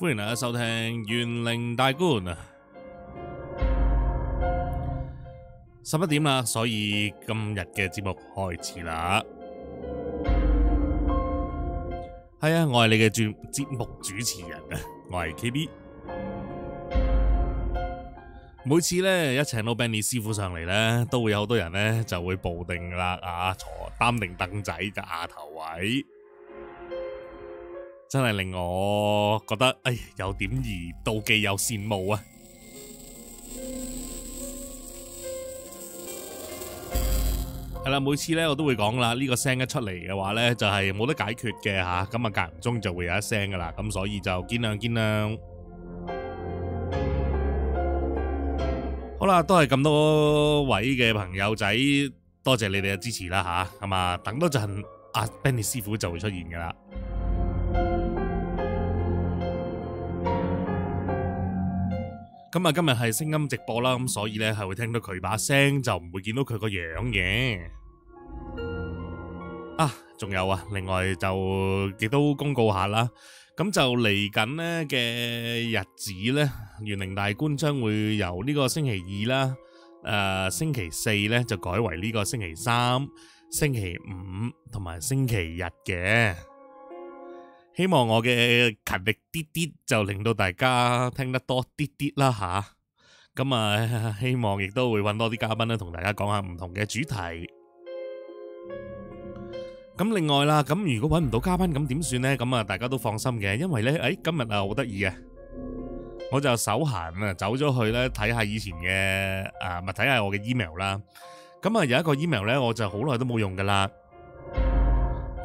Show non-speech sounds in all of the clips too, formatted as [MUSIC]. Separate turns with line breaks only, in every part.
歡迎大家收聽《玄靈大觀》，十一點啦，所以今日嘅節目開始啦。係啊，我係你嘅節目主持人啊，我係 KB。每次呢，一請到 Benny 師傅上嚟呢，都會有好多人呢就會抱定啦，啊坐擔定凳仔嘅下頭位，真係令我覺得哎，有點兒妒忌又羨慕啊！係啦，每次咧我都會講啦，呢、這個聲一出嚟嘅話咧就係冇得解決嘅吓，咁啊間唔中就會有一聲噶啦，咁、啊、所以就見諒見諒，好啦，多謝咁多位嘅朋友仔，多謝你哋嘅支持啦吓，係、啊、嘛，等多陣阿、啊、Benny 師傅就會出現噶啦。咁啊，今日係聲音直播啦，咁所以咧係會聽到佢把聲，就唔會見到佢個樣嘅。啊，仲有啊，另外就亦都公告下啦。咁就嚟緊咧嘅日子咧，玄靈大觀將會由呢個星期二啦，誒，星期四咧就改為呢個星期三、星期五同埋星期日嘅。希望我嘅勤力啲啲，就令到大家聽得多啲啲啦吓。咁啊，希望亦都會揾多啲嘉賓啦，同大家講下唔同嘅主題。咁另外啦，咁如果揾唔到嘉賓，咁點算呢？咁啊，大家都放心嘅，因為呢，誒，今日啊好得意啊，我就手閒啊走咗去呢睇下以前嘅誒，咪睇下我嘅 email 啦。咁啊有一個 email 呢，我就好耐都冇用噶啦。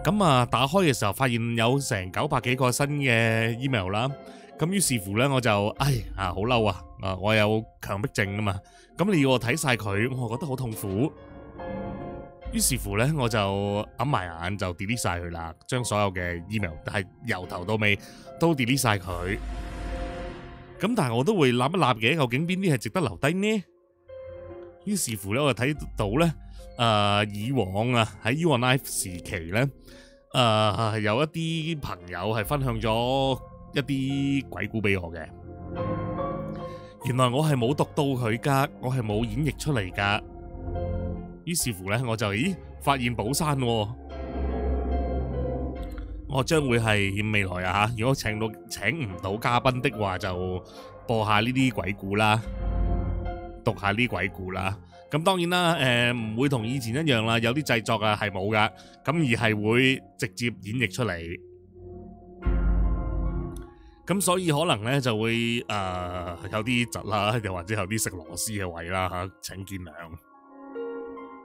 咁啊，打開嘅時候，發現有成九百幾個新嘅 email 啦，咁於是乎咧，我就唉，好嬲啊！我有強迫症啊嘛，咁你要我睇晒佢，我覺得好痛苦。於是乎咧，我就揞埋眼就 delete 晒佢啦，將所有嘅 email 都係由頭到尾都 delete 晒佢。咁但係我都會諗一諗嘅，究竟邊啲係值得留低呢？於是乎咧，我就睇到呢。誒、呃、以往啊，喺 u o n Life 時期咧，誒、呃、有一啲朋友係分享咗一啲鬼故俾我嘅。原來我係冇讀到佢噶，我係冇演繹出嚟噶。於是乎咧，我就咦發現寶山喎、啊。我將會係未來啊嚇，如果請到請唔到嘉賓的話，就播下呢啲鬼故啦，讀下呢鬼故啦。咁當然啦，誒、呃、唔會同以前一樣啦，有啲製作啊係冇㗎，咁而係會直接演繹出嚟。咁所以可能咧就會誒、呃、有啲窒啦，又或者有啲食螺絲嘅位啦嚇。請見諒，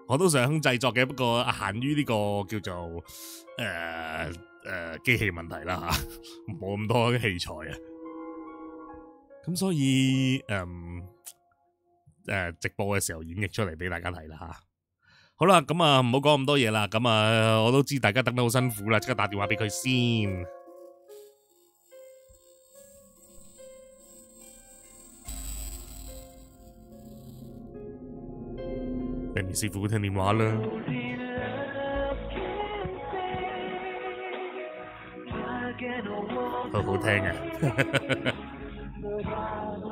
我都想製作嘅，不過限於呢個叫做誒誒、呃呃、機器問題啦嚇，冇咁多器材啊。咁所以嗯。呃誒，直播嘅時候演繹出嚟俾大家睇啦吓，好啦，咁啊唔好講咁多嘢啦，咁啊我都知大家等得好辛苦啦，即刻打電話俾佢先。 [MUSIC] 人哋師傅會聽電話啦， [MUSIC] 好好聽啊！ [LAUGHS]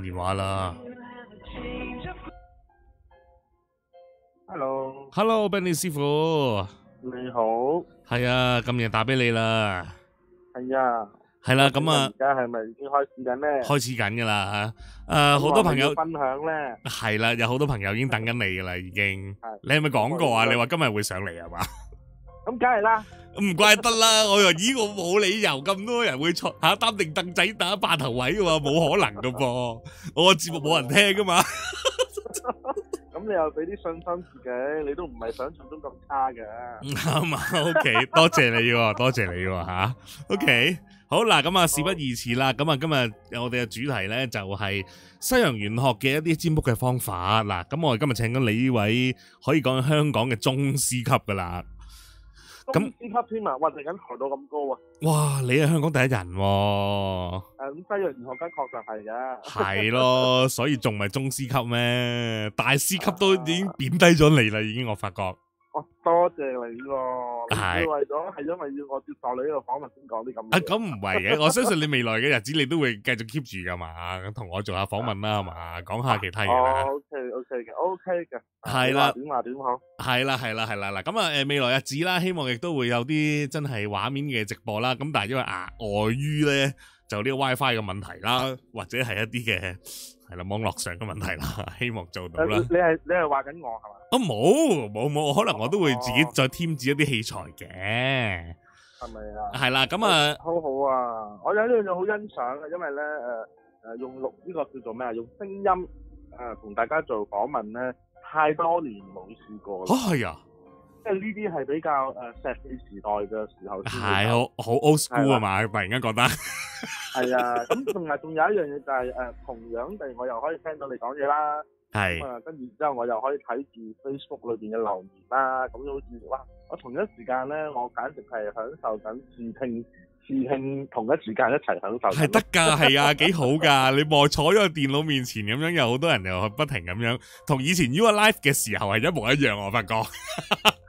電話啦
，Hello，Hello，Benny
師傅，
你好，
係啊，今日打俾你啦，係啊，係啦，咁啊，
而家係咪已經開始緊咧？開始緊噶啦，啊，好多朋友分享咧，
係啦、啊，有好多朋友已經等緊你噶啦，已經， [LAUGHS] 啊、你係咪講過啊？你話今日會上嚟啊？嘛 [LAUGHS] ？
咁梗係
啦。唔怪得啦，我話依個冇理由咁多人會坐嚇擔定凳仔打霸頭位嘅喎，冇可能嘅噃，我個節目冇人聽嘅嘛。
咁 [LAUGHS] [LAUGHS] 你又俾啲信心自己，你都唔係想
象中咁差嘅。啱啊 [LAUGHS] ，OK，多謝你喎、啊，多謝你喎、啊、 [LAUGHS] OK，好嗱，咁啊事不宜遲啦，咁啊好今日我哋嘅主題咧就係西洋玄學嘅一啲占卜嘅方法嗱，咁我哋今日請緊你呢位可以講香港嘅宗師級嘅啦。
咁師級添啊！哇那，突然間抬到咁高
啊！哇，你係香港第一人喎、啊！咁、嗯、
西洋玄學家，確實係嘅。
係咯，所以仲唔係宗師級咩？大師級都已經貶低咗你啦，已經我發覺。
我多謝你喎，係為咗係因為要我接受你呢個訪問先講啲咁。啊，咁唔係嘅，我相
信你未來嘅日子你都會繼續 keep 住噶嘛，咁同我做下訪問啦，係嘛的，講下其他嘢啊。O K O K 嘅
，O K 嘅。係啦，點話點講？
係啦係啦係啦嗱，咁啊誒未來日子啦，希望亦都會有啲真係畫面嘅直播啦。咁但係因為礙於咧。啊就呢個 WiFi 嘅問題啦，或者係一啲嘅係啦網絡上嘅問題啦，希望做到啦。你係
你係話緊我係
嘛？啊冇冇冇，可能我都會自己再添置一啲器材嘅，係
咪啊？係、啊、啦，咁啊，好好啊！我有呢樣嘢好欣賞嘅，因為咧誒誒用錄呢、這個叫做咩啊？用聲音誒同、呃、大家做訪問咧，太多年冇試過啦。係啊！即係呢啲係比較誒石器時代嘅時候先係，好好 old school 啊
嘛吧！突然間覺得
係啊，咁同埋仲有一樣嘢就係、是、誒、呃，同樣地我又可以聽到你講嘢啦，咁跟住之後我又可以睇住 Facebook 裏邊嘅留言啦，咁好係哇！我同一時間咧，我簡直係享受緊視聽。自慶同一時間一齊享受，係得㗎，係
啊，幾好㗎！ [LAUGHS] 你望坐咗喺電腦面前咁樣，有好多人又不停咁樣，同以前 U Live 嘅時候係一模一樣，我發覺。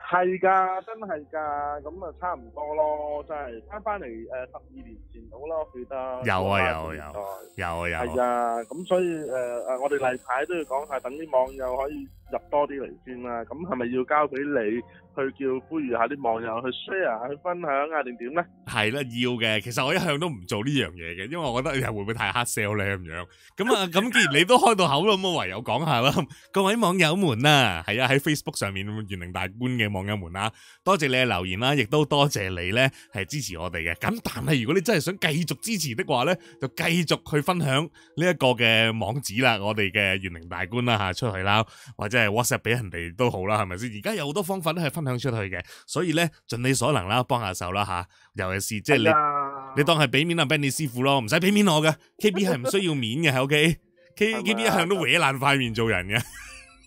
係 [LAUGHS] 㗎，真係㗎，咁啊差唔多咯，真係翻翻嚟誒十二年前到啦，我記得。有啊有啊有，有啊有。係啊，咁、啊、所以誒誒、呃，我哋例牌都要講下，等啲網友可以。入多啲嚟先啦，咁係咪要交俾你去叫呼籲下啲網友去 share 去分享啊定點
咧？係啦，要嘅。其實我一向都唔做呢樣嘢嘅，因為我覺得又會唔會太黑 sell 咧咁樣。咁啊，咁既然你都開到口啦，咁啊唯有講下啦。各位網友們啊，係啊，喺 Facebook 上面玄靈大觀嘅網友們啦，多謝你嘅留言啦，亦都多謝你咧係支持我哋嘅。咁但係如果你真係想繼續支持的話咧，就繼續去分享呢一個嘅網址啦，我哋嘅玄靈大觀啦嚇出去啦，或者。WhatsApp 俾人哋都好啦，係咪先？而家有好多方法都係分享出去嘅，所以咧盡你所能啦，幫下手啦吓。尤其是即係你，哎、呀你當係俾面 Benny 師傅咯，唔使俾面我嘅。KB 係唔需要面嘅，係 OK。K KB 一向都搲爛塊面做人嘅。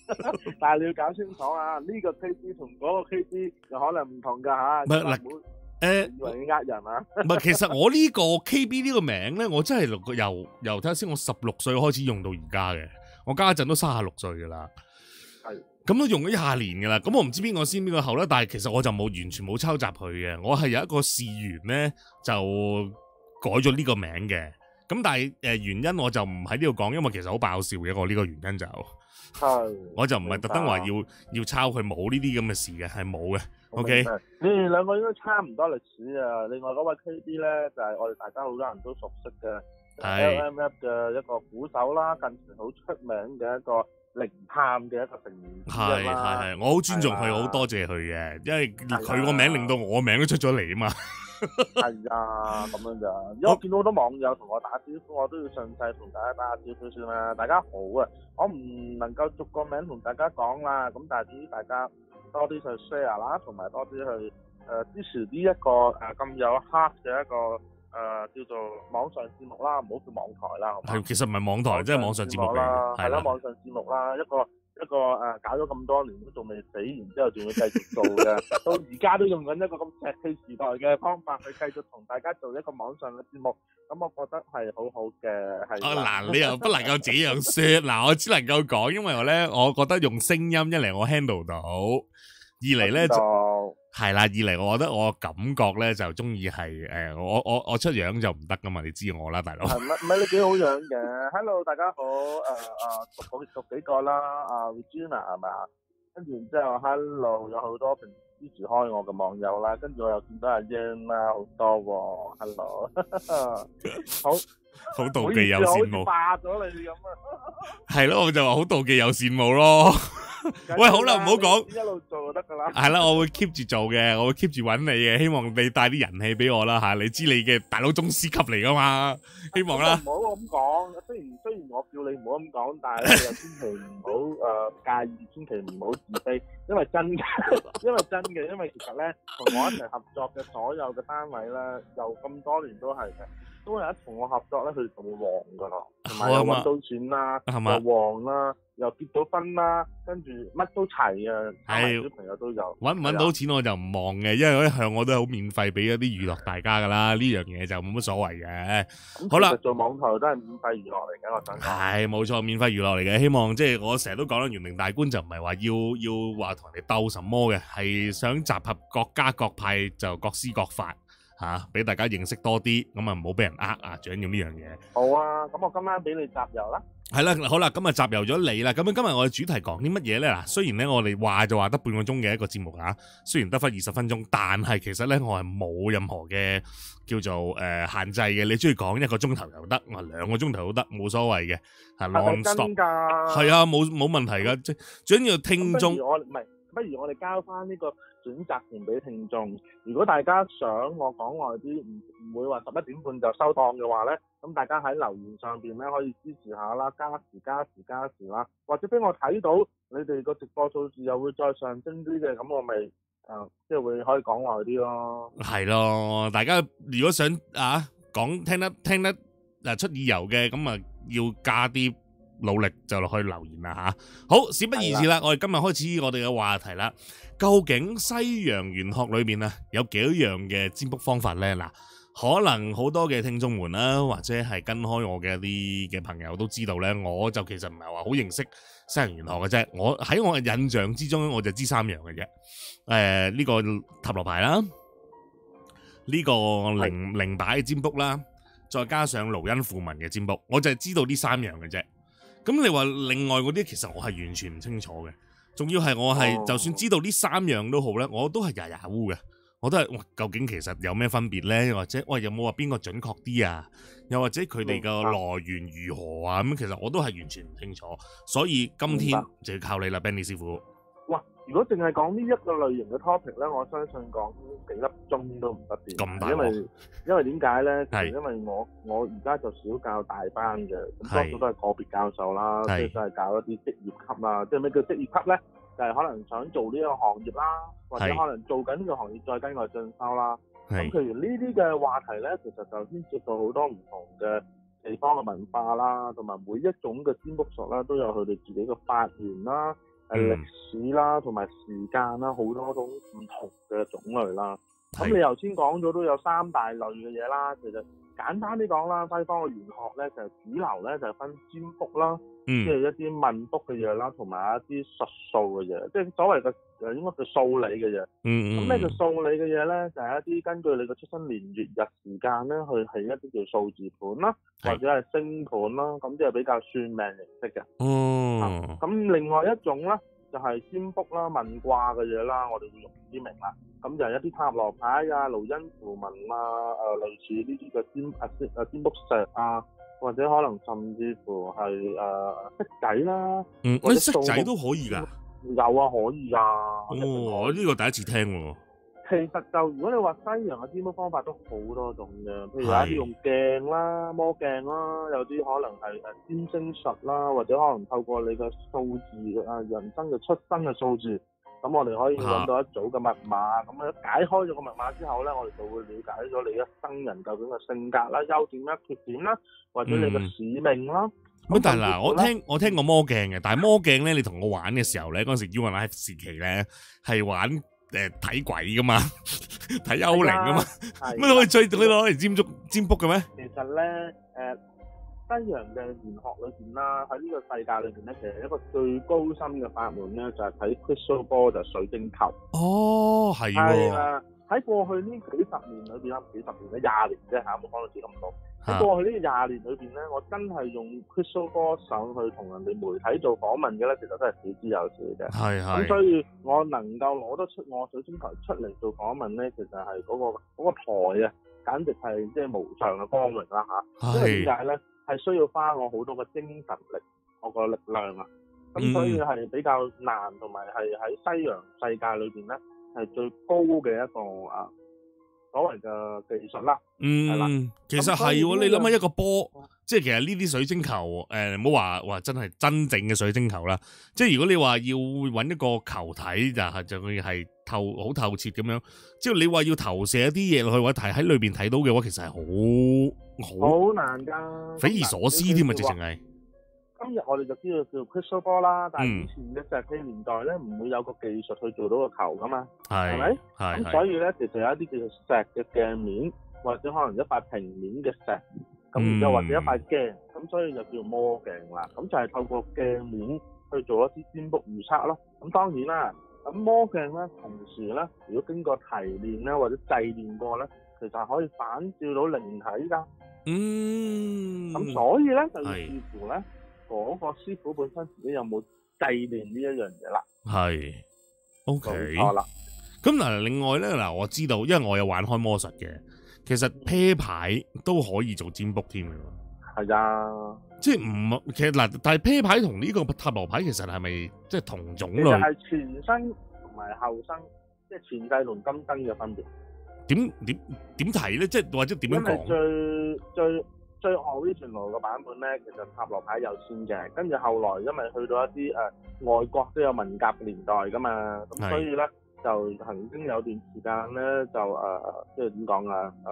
[LAUGHS] 但係
你要搞清楚啊！呢、這個 KB 同嗰個 KB 可能唔同噶吓、啊。唔係誒，呃人，人啊？唔係，其實我
呢個 KB 呢個名咧，我真係由由頭先，看看我十六歲開始用到而家嘅。我家陣都三十六歲噶啦。咁都用咗廿年噶啦，咁我唔知邊個先邊個後咧。但係其實我就冇完全冇抄襲佢嘅，我係有一個事源咧就改咗呢個名嘅。咁但係誒、呃、原因我就唔喺呢度講，因為其實好爆笑嘅一個呢個原因就
係，我就唔係特登話
要要抄佢冇呢啲咁嘅事嘅，係冇嘅。O K，誒，你哋兩 okay?
個應該差唔多歷史啊。另外嗰位 K D 咧就係、是、我哋大家好多人都熟悉嘅、就是、L M F 嘅一個鼓手啦，近年好出名嘅一個。靈探嘅一個成員啫嘛，係係係，我好尊重佢，
好多的謝佢嘅，因為佢個名令到我個名都出咗嚟啊嘛，
係啊咁樣嘅。因為我見到好多網友同我打招呼，我都要順勢同大家打下招呼算啦。大家好啊，我唔能夠逐個名同大家講啦，咁但係至於大家多啲去 share 啦，同埋多啲去誒支持呢一個誒咁有 heart 嘅一個。誒、呃，叫做網上節目啦，唔好叫網台
啦，其實唔係網台，即係網上節目啦，係啦，網
上節目啦，一個一個誒、呃，搞咗咁多年都仲未死，然之後仲會繼續做嘅， [LAUGHS] 到而家都用緊一個咁石器時代嘅方法去繼續同大家做一個網上嘅節目，咁我覺得係好好嘅，係。哦、啊，嗱，你又不
能夠這樣說，嗱， [LAUGHS] 我只能夠講，因為我咧，我覺得用聲音一嚟我 handle 到，二嚟咧就。係啦，二嚟我覺得我感覺咧就中意係誒，我我我出樣就唔得噶嘛，你知我啦，大佬。 [LAUGHS] 唔係
唔係，你幾好樣嘅，Hello 大家好，誒、呃、誒讀好讀，讀幾個啦，阿 Regina 係嘛？跟住然之後 Hello 有好多支持開我嘅網友啦，跟住我又見到阿 y e e n a 好多喎、哦，Hello。 [LAUGHS] 好。好妒忌又羨慕，化咗你咁啊！
係咯， [LAUGHS] 我就話好妒忌又羨慕咯。 [LAUGHS] [LAUGHS] 喂，好啦，唔好講，一路做就得噶啦。係啦， [LAUGHS] 我會 keep 住做嘅，我會 keep 住揾你嘅，希望你帶啲人氣俾我啦吓、啊。你知你嘅大佬宗師級嚟噶嘛？希望啦。
唔好咁講，雖然雖然我叫你唔好咁講，但係咧又千祈唔好誒介意， [LAUGHS] 千祈唔好自卑，因為真嘅， [LAUGHS] 因為真嘅，因為其實咧同我一齊合作嘅所有嘅單位咧，又咁多年都係嘅。都有一同我合作咧，佢哋就會旺噶咯，同埋又揾到錢啦，又旺啦，又結到婚啦，跟住乜都齊啊！係小朋友都有，揾唔揾到
錢我就唔望嘅，因為我一向我都係好免費俾一啲娛樂大家噶啦，呢樣嘢就冇乜所謂嘅。好啦，做
網台都係免費娛樂嚟嘅，我想
係冇錯，免費娛樂嚟嘅。希望即係我成日都講啦，玄靈大觀就唔係話要要話同人哋鬥什麼嘅，係想集合各家各派，就各施各法。吓，俾、啊、大家認識多啲，咁啊唔好俾人呃啊，最緊要呢樣嘢。好啊，
咁我今晚俾你集郵
啦。係啦，好啦，咁啊集郵咗你啦。咁樣今日我哋主題講啲乜嘢咧？嗱，雖然咧我哋話就話得半個鐘嘅一個節目嚇，雖然得翻二十分鐘，但係其實咧我係冇任何嘅叫做誒、呃、限制嘅。你中意講一個鐘頭又得，我兩個鐘頭都得，冇所謂嘅。嚇 long
㗎。係啊，
冇冇問題㗎。最緊要聽眾。不如
我唔係，不如我哋交翻呢、這個。選擇權俾聽眾。如果大家想我講耐啲，唔唔會話十一點半就收檔嘅話咧，咁大家喺留言上邊咧可以支持下啦，加時加時加時啦，或者俾我睇到你哋個直播數字又會再上升啲嘅，咁我咪誒、呃、即係會可以講耐啲咯。
係咯，大家如果想啊講聽得聽得誒、啊、出耳油嘅，咁啊要加啲。努力就落去留言啦吓！好，事不宜遲啦，的我哋今日開始我哋嘅話題啦。究竟西洋玄學裏面啊有幾多樣嘅占卜方法咧？嗱，可能好多嘅聽眾們啦，或者係跟開我嘅啲嘅朋友都知道咧。我就其實唔係話好認識西洋玄學嘅啫。我喺我嘅印象之中，我就知三樣嘅啫。誒、呃，呢、這個塔羅牌啦，呢、這個靈、靈擺占卜啦，再加上盧恩符文嘅占卜，我就係知道呢三樣嘅啫。咁、嗯、你話另外嗰啲，其實我係完全唔清楚嘅。仲要係我係，oh. 就算知道呢三樣都好咧，我都係牙牙烏嘅。我都係，哇，究竟其實有咩分別咧？又或者，哇，有冇話邊個準確啲啊？又或者佢哋個來源如何啊？咁其實我都係完全唔清楚。所以今天就要靠你啦白 Benny 師傅。
如果淨係講呢一個類型嘅 topic 咧，我相信講幾粒鐘都唔得掂，因為因為點解咧？係是 因為我我而家就少教大班嘅，咁多數都係個別教授啦，即係都係教一啲職業級啊，即係咩叫職業級咧？就係、是、可能想做呢個行業啦，或者可能做緊呢個行業再跟外進修啦。
咁其
實呢啲嘅話題咧，其實就先涉到好多唔同嘅地方嘅文化啦，同埋每一種嘅占卜術啦，都有佢哋自己嘅發源啦。誒、嗯、歷史啦，同埋時間啦，好多種唔同嘅種類啦。咁是的 你頭先講咗都有三大類嘅嘢啦。其、就、實、是、簡單啲講啦，西方嘅玄學咧，其實主流咧就是、分占卜啦。嗯、即係一啲問卜嘅嘢啦，同埋一啲術數嘅嘢，即係所謂嘅誒應該叫數理嘅嘢、嗯。嗯咁咩叫數理嘅嘢咧？就係、是、一啲根據你嘅出生年月日時間咧，去係一啲叫數字盤啦，或者係星盤啦，咁啲係比較算命形式嘅。嗯。咁、啊、另外一種咧，就係、是、占卜啦、問卦嘅嘢啦，我哋會用知名啦。咁就係一啲塔羅牌、呃、啊、羅恩符文啊、誒類似呢啲嘅占啊、占卜石啊。啊占占占啊啊啊或者可能甚至乎係誒色仔啦，嗯、或者色仔都可以噶、嗯，有啊可以啊，我呢、哦這個第一次聽喎、啊。其實就如果你話西洋嘅占卜方法都好多種嘅，譬如有啲用鏡啦、魔鏡啦，有啲可能係誒占星術啦，或者可能透過你嘅數字誒、呃、人生嘅出生嘅數字。咁我哋可以揾到一組嘅密碼，咁樣解開咗個密碼之後咧，我哋就會了解咗你一生人究竟嘅性格啦、優點啦、缺點啦，或者你嘅使命啦。乜但係嗱，我聽
我聽過魔鏡嘅，但係魔鏡咧，你同我玩嘅時候咧，嗰陣時 U N I F 時期咧，係玩誒睇鬼㗎嘛，睇幽靈㗎嘛，乜可以追你攞嚟占卜占卜嘅咩？
其實咧，誒。西洋嘅玄學裏邊啦，喺呢個世界裏邊咧，其實一個最高深嘅法門咧，就係、是、睇 Crystal Ball 就水晶球。
哦，係喎、哦。係
喺、啊、過去呢幾十年裏邊啦，幾十年咧，廿年啫嚇，冇、啊、講到幾咁多。喺過去裡呢廿年裏邊咧，我真係用 Crystal Ball 上去同人哋媒體做訪問嘅咧，其實都係少之有少嘅。係係，是。咁所以，我能夠攞得出我水晶球出嚟做訪問咧，其實係嗰、那個台、那個、啊，簡直係即係無上嘅光榮啦吓，啊、是因為點解咧？係需要花我好多嘅精神力，我個力量啊，咁所以係比較難，同埋係喺西洋世界裏邊呢，係最高嘅一個啊。所
謂嘅技術啦，嗯，的其實係喎，你諗下一個波，即係其實呢啲水晶球，誒唔好話話真係真正嘅水晶球啦，即係如果你話要搵一個球體就係就佢係透好透徹咁樣，即係你話要投射一啲嘢落去或者睇喺裏邊睇到嘅話，其實係好好
難噶，匪夷
所思添啊，直情係。
今日我哋就知道叫 Crystal Ball 啦，但係以前嘅石器年代咧，唔會有個技術去做到個球噶嘛，
係咪？咁所
以咧，其實有一啲叫做石嘅鏡面，或者可能一塊平面嘅石，
咁又或者
一塊鏡，咁所以就叫做魔鏡啦。咁就係透過鏡面去做一啲占卜預測咯。咁當然啦，咁魔鏡咧，同時咧，如果經過提煉咧或者製煉過咧，其實係可以反照到靈體噶。嗯，咁所以咧就要視乎咧。嗰個師傅本身自己有冇訓練呢一樣嘢啦？
係，OK，好啦。咁嗱，另外咧嗱，我知道，因為我有玩開魔術嘅，其實啤牌都可以做占卜添嘅。係啊，即係唔，其實嗱，但係啤牌同呢個塔羅牌其實係咪即係同種咧？係
前身同埋後生，即係前世同今生嘅分別。
點點點睇咧？即係或者點樣講？最
最。最原本嘅版本咧，其實塔羅牌有先嘅。跟住後來因為去到一啲誒、呃、外國都有文革年代噶嘛，咁所以咧是就曾經有段時間咧就誒即係點講啊誒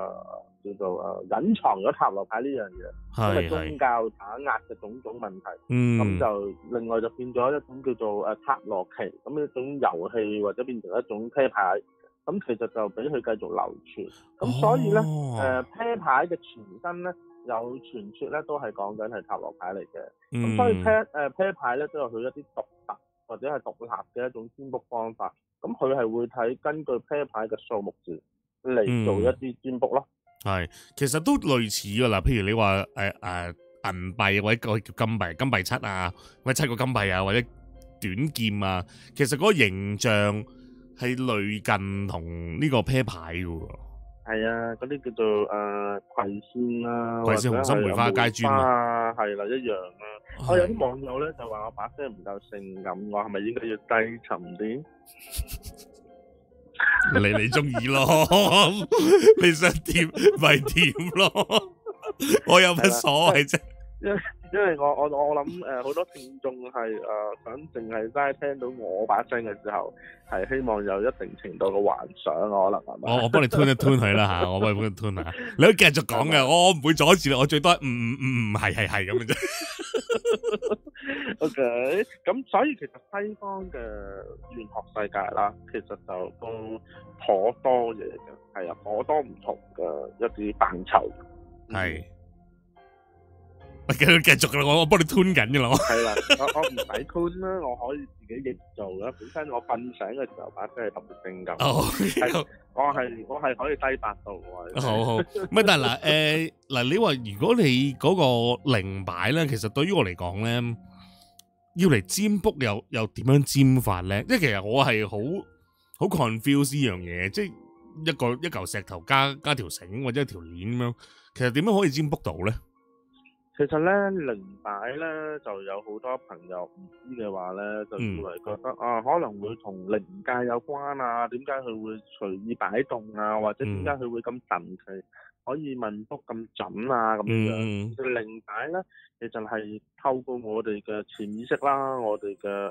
叫做誒隱、呃、藏咗塔羅牌呢樣嘢，是是因為宗教打壓嘅種種問題，咁、嗯、就另外就變咗一種叫做誒塔羅棋，咁一種遊戲或者變成一種啤牌，咁其實就俾佢繼續流傳。咁所以咧誒啤牌嘅前身咧。有傳説咧，都係講緊係塔羅牌嚟嘅。咁、嗯、所以 pair、uh, 誒 pair 牌咧，都有佢一啲獨特或者係獨立嘅一種占卜方法。咁佢係會睇根據 pair 牌嘅數目字嚟做一啲占卜咯。
係、嗯，其實都類似㗎啦。譬如你話誒誒銀幣或者個叫金幣，金幣七啊，或者七個金幣啊，或者短劍啊，其實嗰個形象係類近同呢個 pair 牌㗎喎。
係啊，嗰啲叫做誒葵扇啦，或者係紅心、梅花、階磚啊，係啦，一樣啊。我有啲網友咧就話我把聲唔夠性感，我係咪應該要低沉啲？
你你
中意咯，你想點咪點咯，我有乜所謂啫？
因因為我我我諗誒，好多聽眾係誒想淨係齋聽到我把聲嘅時候，係希望有一定程度嘅幻想，可能係咪？
我幫 [LAUGHS] 我幫你吞一吞佢啦吓，我幫你吞一吞啊！你都繼續講嘅，我我唔會阻住你，我最多唔嗯嗯嗯，係係係咁嘅啫。
嗯、 [LAUGHS] OK，咁所以其實西方嘅玄學世界啦，其實就咁頗多嘢嘅，係啊，頗多唔同嘅一啲範疇
係。我繼續繼續啦，我我幫你吞緊嘅啦。係啦，我我唔
使吞啦，我， [LAUGHS] 我可以自己逆做啦。本身我瞓醒嘅時候把聲係特別性感。我係我係可以低八度。好好，
唔係 [LAUGHS] 但係嗱，誒、呃、嗱、呃，你話如果你嗰個靈擺咧，其實對於我嚟講咧，要嚟占卜又又點樣占法咧？即係其實我係好好 confuse 呢樣嘢，即係、就是、一個一嚿石頭加加條繩或者條鏈咁樣，其實點樣可以占卜到咧？
其實咧，靈擺咧就有好多朋友唔知嘅話咧，就以為覺得、嗯、啊，可能會同靈界有關啊，點解佢會隨意擺動啊，或者點解佢會咁神佢。可以問卜咁準啊咁樣、mm hmm.，其實靈擺咧，其實係透過我哋嘅潛意識啦，我哋嘅誒誒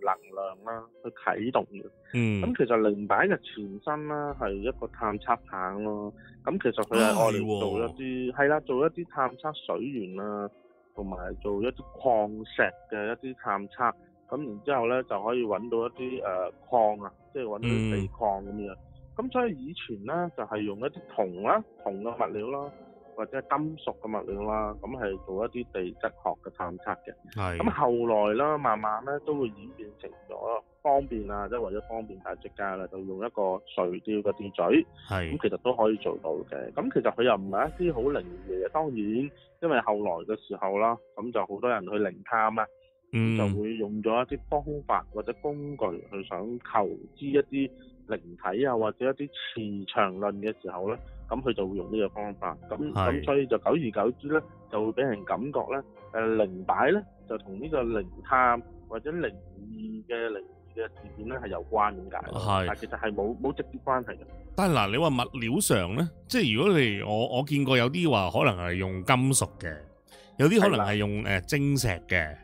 能量啦，去啟動嘅。嗯、mm，
咁、hmm. 其
實靈擺嘅前身啦，係一個探測棒咯、啊。咁其實佢係愛嚟做一啲係啦，做一啲探測水源啦、啊，同埋做一啲礦石嘅一啲探測。咁然之後咧，就可以揾到一啲誒、呃、礦啊，即係揾到地礦咁樣。Mm hmm. 咁所以以前咧就係、是、用一啲銅啦、銅嘅物料啦，或者金屬嘅物料啦，咁係做一啲地質學嘅探測嘅。
係是。咁後
來啦，慢慢咧都會演變成咗方便啊，即係為咗方便大家啦，就用一個垂吊嘅電嘴。係是。咁其實都可以做到嘅。咁其實佢又唔係一啲好靈異嘅嘢。當然，因為後來嘅時候啦，咁就好多人去靈探啊，咁、嗯、就會用咗一啲方法或者工具去想求知一啲。靈體啊，或者一啲磁場論嘅時候咧，咁佢就會用呢個方法。咁咁所以就久而久之咧，就會俾人感覺咧，誒靈擺咧就同呢個靈探或者靈異嘅靈異嘅事件咧係有關嘅。但係其實係冇冇直接關係嘅。
但係嗱，你話物料上咧，即係如果你我我見過有啲話可能係用金屬嘅，有啲可能係用誒晶石嘅。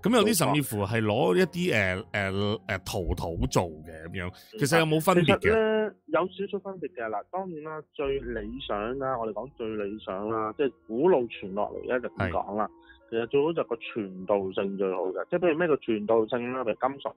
咁有啲甚至乎係攞一啲誒誒誒陶土做
嘅咁樣，其實有冇分別嘅？其實咧有少少分別嘅嗱，當然啦，最理想啦，我哋講最理想啦，即係古老傳落嚟咧就唔講啦。是其實最好就個傳導性最好嘅，即係譬如咩叫傳導性啦？譬如金屬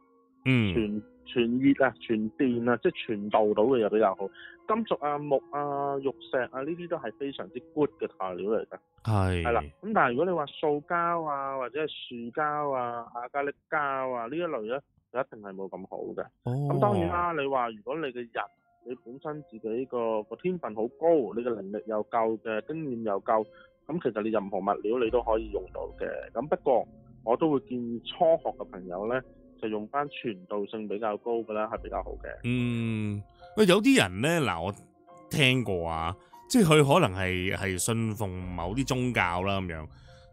嗯
傳。
傳熱啊、傳電啊，即係傳導到嘅嘢比較好。金屬啊、木啊、玉石啊，呢啲都係非常之 good 嘅材料嚟㗎。係是。
係啦，
咁但係如果你話塑膠啊，或者係樹膠啊、亞加力膠啊呢一類咧，就一定係冇咁好嘅。咁、哦、當然啦、啊，你話如果你嘅人，你本身自己個個天分好高，你嘅能力又夠嘅，經驗又夠，咁其實你任何物料你都可以用到嘅。咁不過我都會建議初學嘅朋友咧，就用翻傳導性比較高嘅啦，係比較好嘅。嗯，
喂，有啲人咧，嗱，我聽過啊，即係佢可能係係信奉某啲宗教啦咁樣，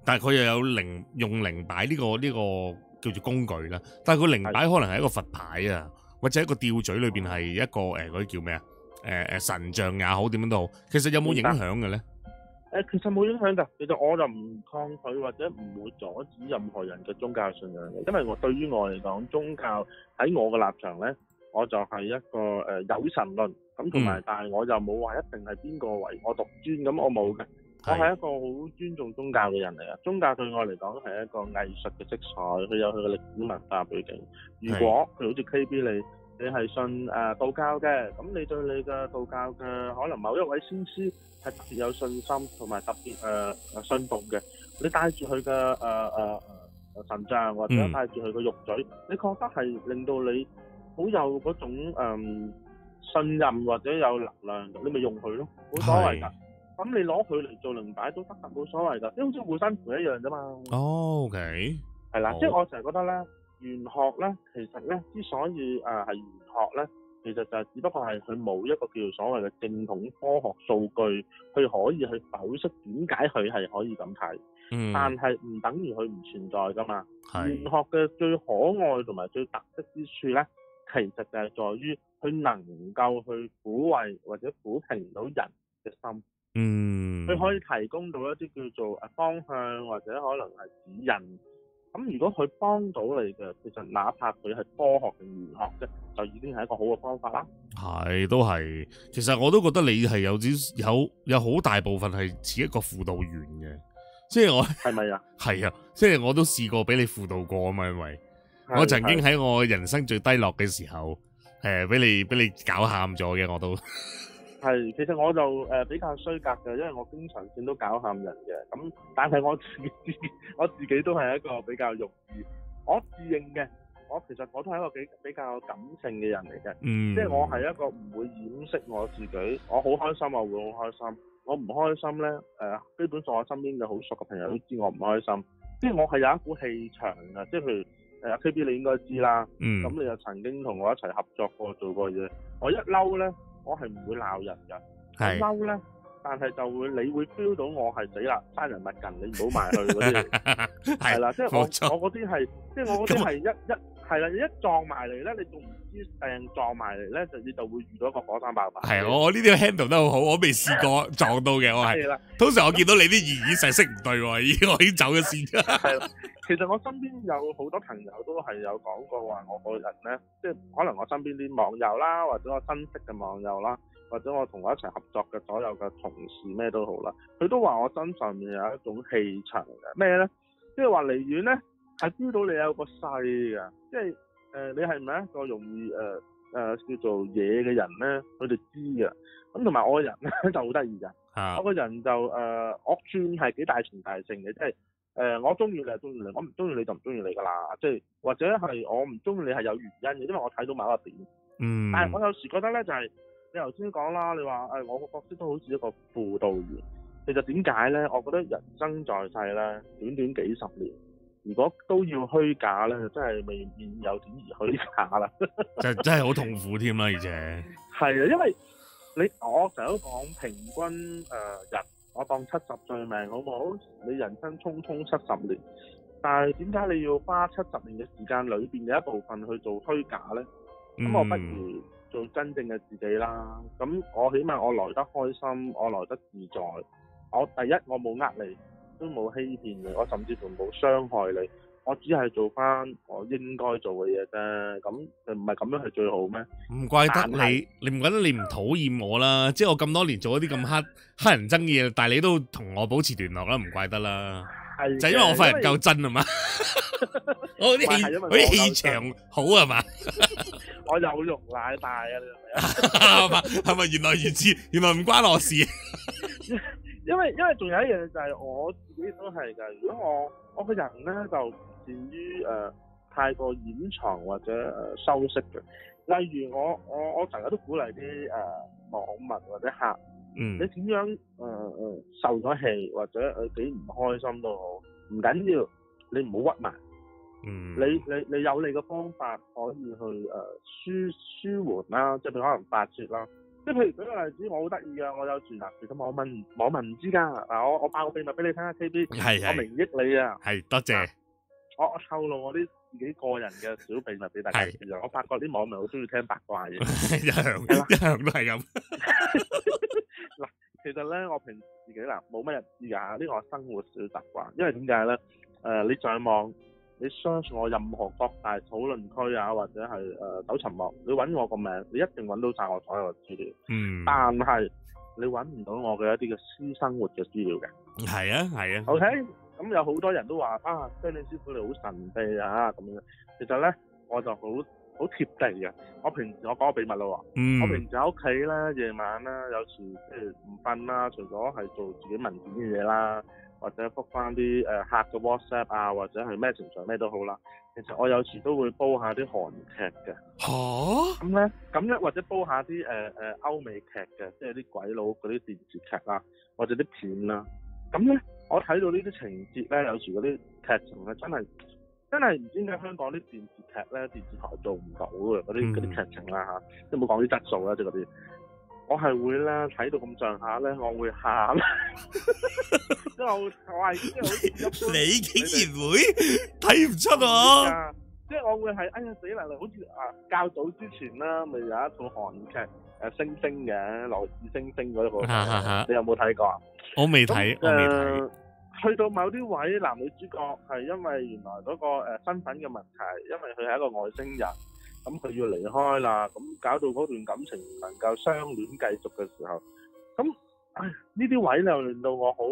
但係佢又有靈用靈擺呢個呢個叫做工具啦。但係佢靈擺可能係一個佛牌啊，或者一個吊墜裏邊係一個誒嗰啲叫咩啊？誒、呃、誒神像也好，點樣都好，其實有冇影響嘅咧？
誒其實冇影響㗎，其實我就唔抗拒或者唔會阻止任何人嘅宗教信仰嘅，因為我對於我嚟講，宗教喺我嘅立場呢，我就係一個誒、呃、有神論咁，同埋、嗯、但係我又冇話一定係邊個為我獨尊，咁我冇嘅，我係一個好尊重宗教嘅人嚟嘅。宗教對我嚟講係一個藝術嘅色彩，佢有佢嘅歷史文化背景。如果佢好似 K B 你。你係信誒道教嘅，咁你對你嘅道教嘅可能某一位先師係特別有信心同埋特別誒誒信奉嘅，你帶住佢嘅誒誒誒神像或者帶住佢嘅玉嘴，你覺得係令到你好有嗰種誒信任或者有能量嘅，你咪用佢咯，冇所謂㗎。咁你攞佢嚟做靈擺都得嘅，冇所謂㗎。即係好似護身符一樣啫嘛。哦，OK，係啦，即係我成日覺得咧。玄學咧，其實咧之所以誒係玄學咧，其實就係只不過係佢冇一個叫做所謂嘅正統科學數據，佢可以去剖析點解佢係可以咁睇。嗯。但係唔等於佢唔存在㗎嘛？係。玄學嘅最可愛同埋最特色之處咧，其實就係在於佢能夠去撫慰或者撫平到人嘅心。嗯。
佢可
以提供到一啲叫做誒方向或者可能係指引。咁如果佢幫到你嘅，其實哪怕佢係科學嘅、玄學嘅，就已經係一個好嘅方法啦。
係，都係。其實我都覺得你係有啲有有好大部分係似一個輔導員嘅，即係我係咪啊？係啊，即係我都試過俾你輔導過啊嘛，因為是我曾經喺我人生最低落嘅時候，誒俾你俾你搞喊咗嘅我都。 [LAUGHS]
係，其實我就誒、呃、比較衰格嘅，因為我經常見到搞喊人嘅。咁但係我自己， [LAUGHS] 我自己都係一個比較容易，我自認嘅。我其實我都係一個比比較感性嘅人嚟嘅，嗯、即係我係一個唔會掩飾我自己。我好開心，我會好開心。我唔開心咧，誒、呃，基本上我身邊嘅好熟嘅朋友都知我唔開心。即係我係有一股氣場嘅，即係譬如誒阿、呃、K B 你應該知啦，咁、嗯、你就曾經同我一齊合作過做過嘢，
我一嬲
咧。我係唔會鬧人㗎，嬲咧，但係就會你會 feel 到我係死啦，生人勿近，你唔好埋去嗰啲，係啦，即係我我嗰啲係，即係我嗰啲係一一。係啦，你一撞埋嚟咧，你仲唔知誒撞埋嚟咧，你就會遇到一個火山爆發。係啊，
我呢啲 handle 得好好，我未試過撞到嘅，我係。係啦，通常我見到你啲言語成識唔對喎，已經我已經走咗線。係啦，
其實我身邊有好多朋友都係有講過話，我個人咧，即係可能我身邊啲網友啦，或者我珍惜嘅網友啦，或者我同我一齊合作嘅所有嘅同事咩都好啦，佢都話我身上面有一種氣場嘅咩咧，即係話離遠咧。係知道你有個勢嘅，即係誒、呃，你係咪一個容易誒誒、呃呃、叫做嘢嘅人咧？佢哋知嘅咁，同埋我個人咧就好得意㗎。啊、我個人就誒惡、呃、轉係幾大情大性嘅，即係誒、呃、我中意你就中意你，我唔中意你就唔中意你㗎啦。即係或者係我唔中意你係有原因嘅，因為我睇到某一個點。嗯，
但係我有
時覺得咧，就係你頭先講啦，你話誒、哎、我個角色都好似一個輔導員。其實點解咧？我覺得人生在世咧，短、短短幾十年。如果都要虛假咧，就真係未免有點兒虛假啦。 [LAUGHS] 真真係好痛
苦添、啊、啦，而且。
係啊，因為你我成日都講平均誒人、呃，我當七十歲命好唔好？你人生匆匆七十年，但係點解你要花七十年嘅時間裏邊嘅一部分去做虛假呢？
咁我不如
做真正嘅自己啦。咁、嗯、我起碼我來得開心，我來得自在。我第一我冇呃你。都冇欺騙你，我甚至乎冇傷害你，我只係做翻我應該做嘅嘢啫。咁就唔係咁樣係最好咩？唔怪得你，
你唔怪得你唔討厭我啦。即係我咁多年做一啲咁乞乞人憎嘅嘢，但係你都同我保持聯絡啦，唔怪得啦。就因為我份人夠真啊嘛，
我啲氣，啲氣
場好啊嘛。
我有容納大啊，係咪？
係咪？原來如此，原來唔關我事。
因為因為仲有一樣嘢就係我自己都係㗎，如果我我個人咧就唔擅於誒太過掩藏或者誒、呃、收息嘅。例如我我我成日都鼓勵啲誒網民或者客，嗯，你點樣誒誒、呃、受咗氣或者誒幾唔開心都好，唔緊要，你唔好屈埋，嗯，你你你有你嘅方法可以去誒、呃、舒舒緩啦、啊，即係可能發泄啦、啊。即係譬如舉個例子，我好得意噶，我有傳其咁我問網民唔知噶嗱，我我爆個秘密俾你聽下 KB，是是是我名益你啊，係多謝，我我透露我啲自己個人嘅小秘密俾大家，其實是我發覺啲網民好中意聽八卦嘅，一樣一樣都係咁嗱， [LAUGHS] [LAUGHS] [LAUGHS] 其實咧我平時自己啦，冇乜隱私噶，呢個生活小習慣，因為點解咧？誒、呃，你上網。你相信我，任何各大討論區啊，或者係誒搜尋網，你揾我個名，你一定揾到晒我所有資料。嗯。但係你揾唔到我嘅一啲嘅私生活嘅資料嘅。
係啊，係
啊。OK，咁有好多人都話啊，Benny 師傅你好神秘啊，咁樣。其實咧，我就好好貼地嘅。我平時我講個秘密啦喎。嗯。我平時喺屋企啦，夜晚啦，有時即係唔瞓啦，除咗係做自己文件嘅嘢啦。或者復翻啲誒客嘅 WhatsApp 啊，或者係咩情緒咩都好啦。其實我有時都會煲下啲韓劇嘅，嚇咁咧，咁咧或者煲下啲誒誒歐美劇嘅，即係啲鬼佬嗰啲電視劇啊，或者啲片啊。咁咧我睇到呢啲情節咧，有時嗰啲劇情咧真係真係唔知點解香港啲電視劇咧電視台做唔到嘅嗰啲啲劇情啦嚇、啊啊，即係冇講啲質素啦，即係嗰啲。我係會啦，睇到咁上下咧，我會喊， [LAUGHS] 因為我係，好 [LAUGHS] 你竟然會睇唔們 [LAUGHS] 出啊！即係我會係，哎呀死啦，好似啊較早之前啦，咪、就是、有一套韓劇誒星星嘅，來自星星嗰個， [LAUGHS] 你有冇睇過啊？
[LAUGHS] 我未睇，誒那、
呃，去到某啲位男女主角係因為原來嗰個誒身份嘅問題，因為佢係一個外星人。咁佢要離開啦，咁搞到嗰段感情唔能夠相戀繼續嘅時候，咁呢啲位又令到我好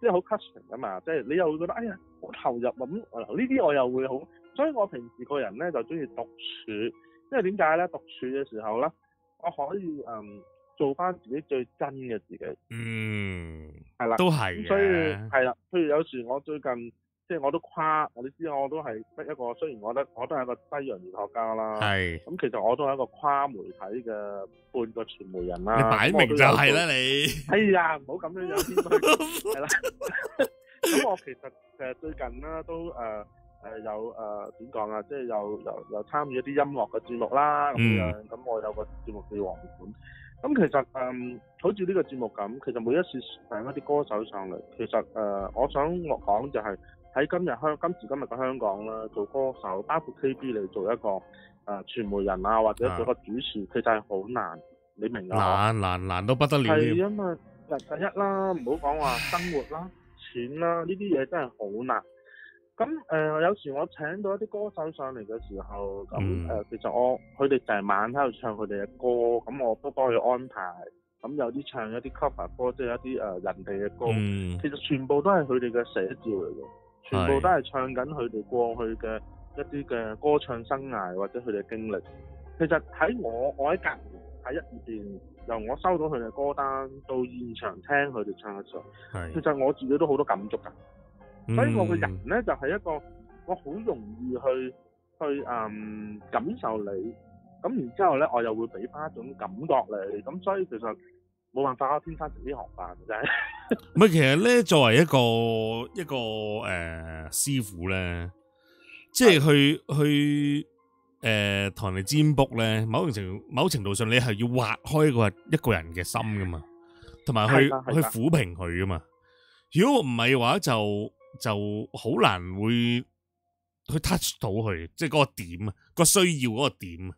即係好 cushion 啊嘛，即係你又會覺得哎呀好投入啊咁，呢啲我又會好，所以我平時個人呢就中意獨處，因為點解呢？獨處嘅時候呢，我可以、嗯、做翻自己最真嘅自己。嗯，係啦的，都係，所以，係啦，譬如有時我最近。即係我都跨，我哋知我都係得一個。雖然我得我都係一個西洋玄學家啦。係咁是，其實我都係一個跨媒體嘅半個傳媒人啦。你擺明就係啦，你哎呀，唔好咁樣樣。係啦，咁我其實誒最近咧都誒誒、呃呃、有誒點講啊？即係有又又參與一啲音樂嘅節目啦。咁嗯。咁我有個節目叫《黃本》。咁其實誒、嗯，好似呢個節目咁，其實每一次上一啲歌手上嚟，其實誒、呃，我想落講就係、是。喺今日香今時今日嘅香港啦，做歌手，包括 KB 嚟做一個啊、呃、傳媒人啊，或者做個主持，啊、其實係好難，你明唔明？難，
難，難，都不得了。係啊
嘛，第一啦，唔好講話生活啦、唉錢啦，呢啲嘢真係好難。咁誒、呃，有時我請到一啲歌手上嚟嘅時候，咁誒、嗯呃，其實我佢哋成晚喺度唱佢哋嘅歌，咁我都幫佢安排。咁有啲唱一啲 cover 歌，即、就、係、是、一啲誒、呃、人哋嘅歌，嗯、其實全部都係佢哋嘅寫照嚟嘅。全部都係唱緊佢哋過去嘅一啲嘅歌唱生涯或者佢哋嘅經歷。其實喺我我喺隔年喺一月入邊由我收到佢嘅歌單到現場聽佢哋唱一唱，是其實我自己都好多感觸㗎。所以我個人呢，嗯、就係一個我好容易去去、呃、感受你，咁然之後呢，我又會俾翻一種感覺你，咁所以其實。冇辦
法咯，天生成呢行飯，真係。唔係，其實咧，作為一個一個誒、呃、師傅咧，即係去去誒同、呃、人占卜咧，某程度某程度上，你係要挖開個一個人嘅心噶嘛，同埋去去撫平佢噶嘛。如果唔係嘅話就，就就好難會去 touch 到佢，即係個點，啊、那，個需要個點。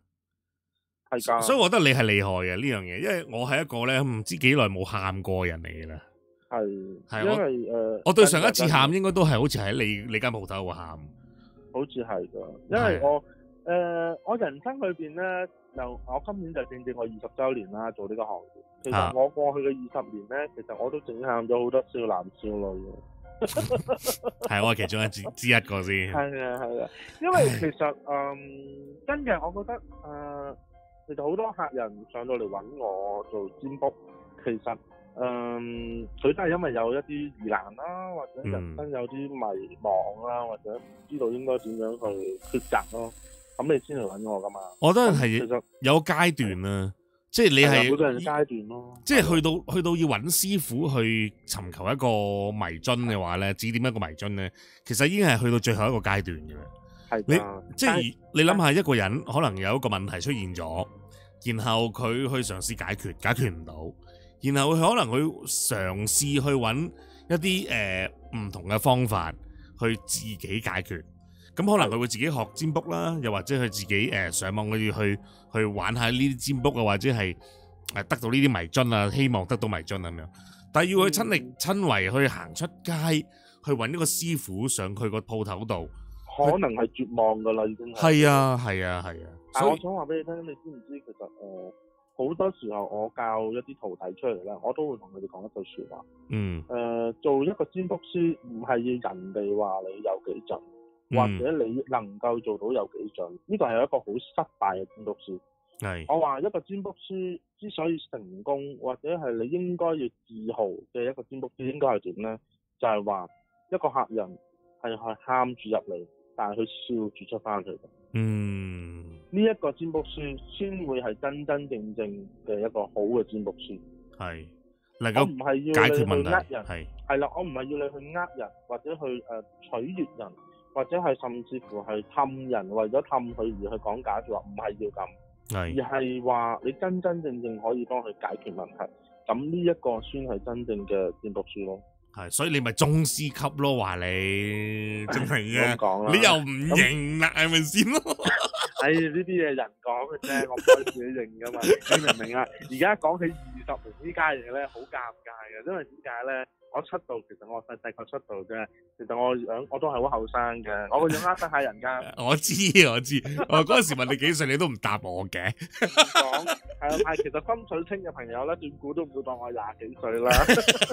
係噶，所以我覺得你係
厲害嘅呢樣嘢，因為我係一個咧，唔知幾耐冇喊過人嚟嘅啦。係係是，是因為
誒，我，呃、我對上一次喊
應該都係好似喺你你間鋪頭喊，
好似係噶。因為我誒、呃，我人生裏邊咧，就我今年就正正我二十周年啦，做呢個行業。其實我過去嘅二十年咧，其實我都整喊咗好多少男少女嘅。係
[LAUGHS] [LAUGHS] 我係其中一之一個先。係啊
係啊，因為其實嗯、呃，真嘅，我覺得誒。呃其實好多客人上到嚟揾我做占卜，其實誒，佢、嗯、都係因為有一啲疑難啦，或者人生有啲迷茫啦，或者唔知道應該點
樣去抉擇咯，咁你先嚟揾我噶嘛。我覺得係有階段啊，實即係你係好多
人嘅階段咯，啊。
即係去到的去到要揾師傅去尋求一個迷津嘅話咧，的指點一個迷津咧，其實已經係去到最後一個階段嘅啦。係的，你即係是你諗下，一個人可能有一個問題出現咗。然後佢去嘗試解決，解決唔到。然後佢可能佢嘗試去揾一啲誒唔同嘅方法去自己解決。咁可能佢會自己學占卜啦，又或者佢自己誒上網可以去去玩下呢啲占卜啊，或者係誒得到呢啲迷津啊，希望得到迷津咁樣。但係要佢親力親為去行出街去揾一個師傅上佢個鋪頭度，
可能係絕望㗎啦已經係。係
啊，係啊，係啊。但我
想話俾你聽，你知唔知其實誒好多時候，我教一啲徒弟出嚟咧，我都會同佢哋講一句説話。嗯。誒、呃，做一個占卜師唔係要人哋話你有幾準，或者你能夠做到有幾準，呢個係一個好失敗嘅占卜師。係。我話一個占卜師之所以成功，或者係你應該要自豪嘅一個占卜師，應該係點咧？就係話一個客人係係喊住入嚟，但係佢笑住出翻去。嗯。呢一個占卜書先會係真真正正嘅一個好嘅占卜書，
係。解決問題，我唔係要你去呃人，係
係啦，我唔係要你去呃人，或者去誒取悦人，或者係甚至乎係氹人，為咗氹佢而去講假説話，唔係要咁，係。而係話你真真正正可以幫佢解決問題，咁呢一個先係真正嘅占卜書咯。
係，所以你咪宗師級咯，話你，
真係嘅，你又唔認啦，係咪先咯？哎呀，呢啲嘢人講嘅啫，我唔可以認㗎嘛，你明唔明？明啊？而家講起二十年這呢家嘢咧，好尷尬嘅，因為點解呢？我出道，其實我細細個出道嘅，其實我樣我都係好後生嘅，我個樣呃得下人家。 [LAUGHS]
我知我知，我嗰陣時問你幾歲，你都唔答我嘅。唔
[LAUGHS] 講，啊、呃，但其實心水清嘅朋友咧，斷估都唔會當我廿幾歲啦。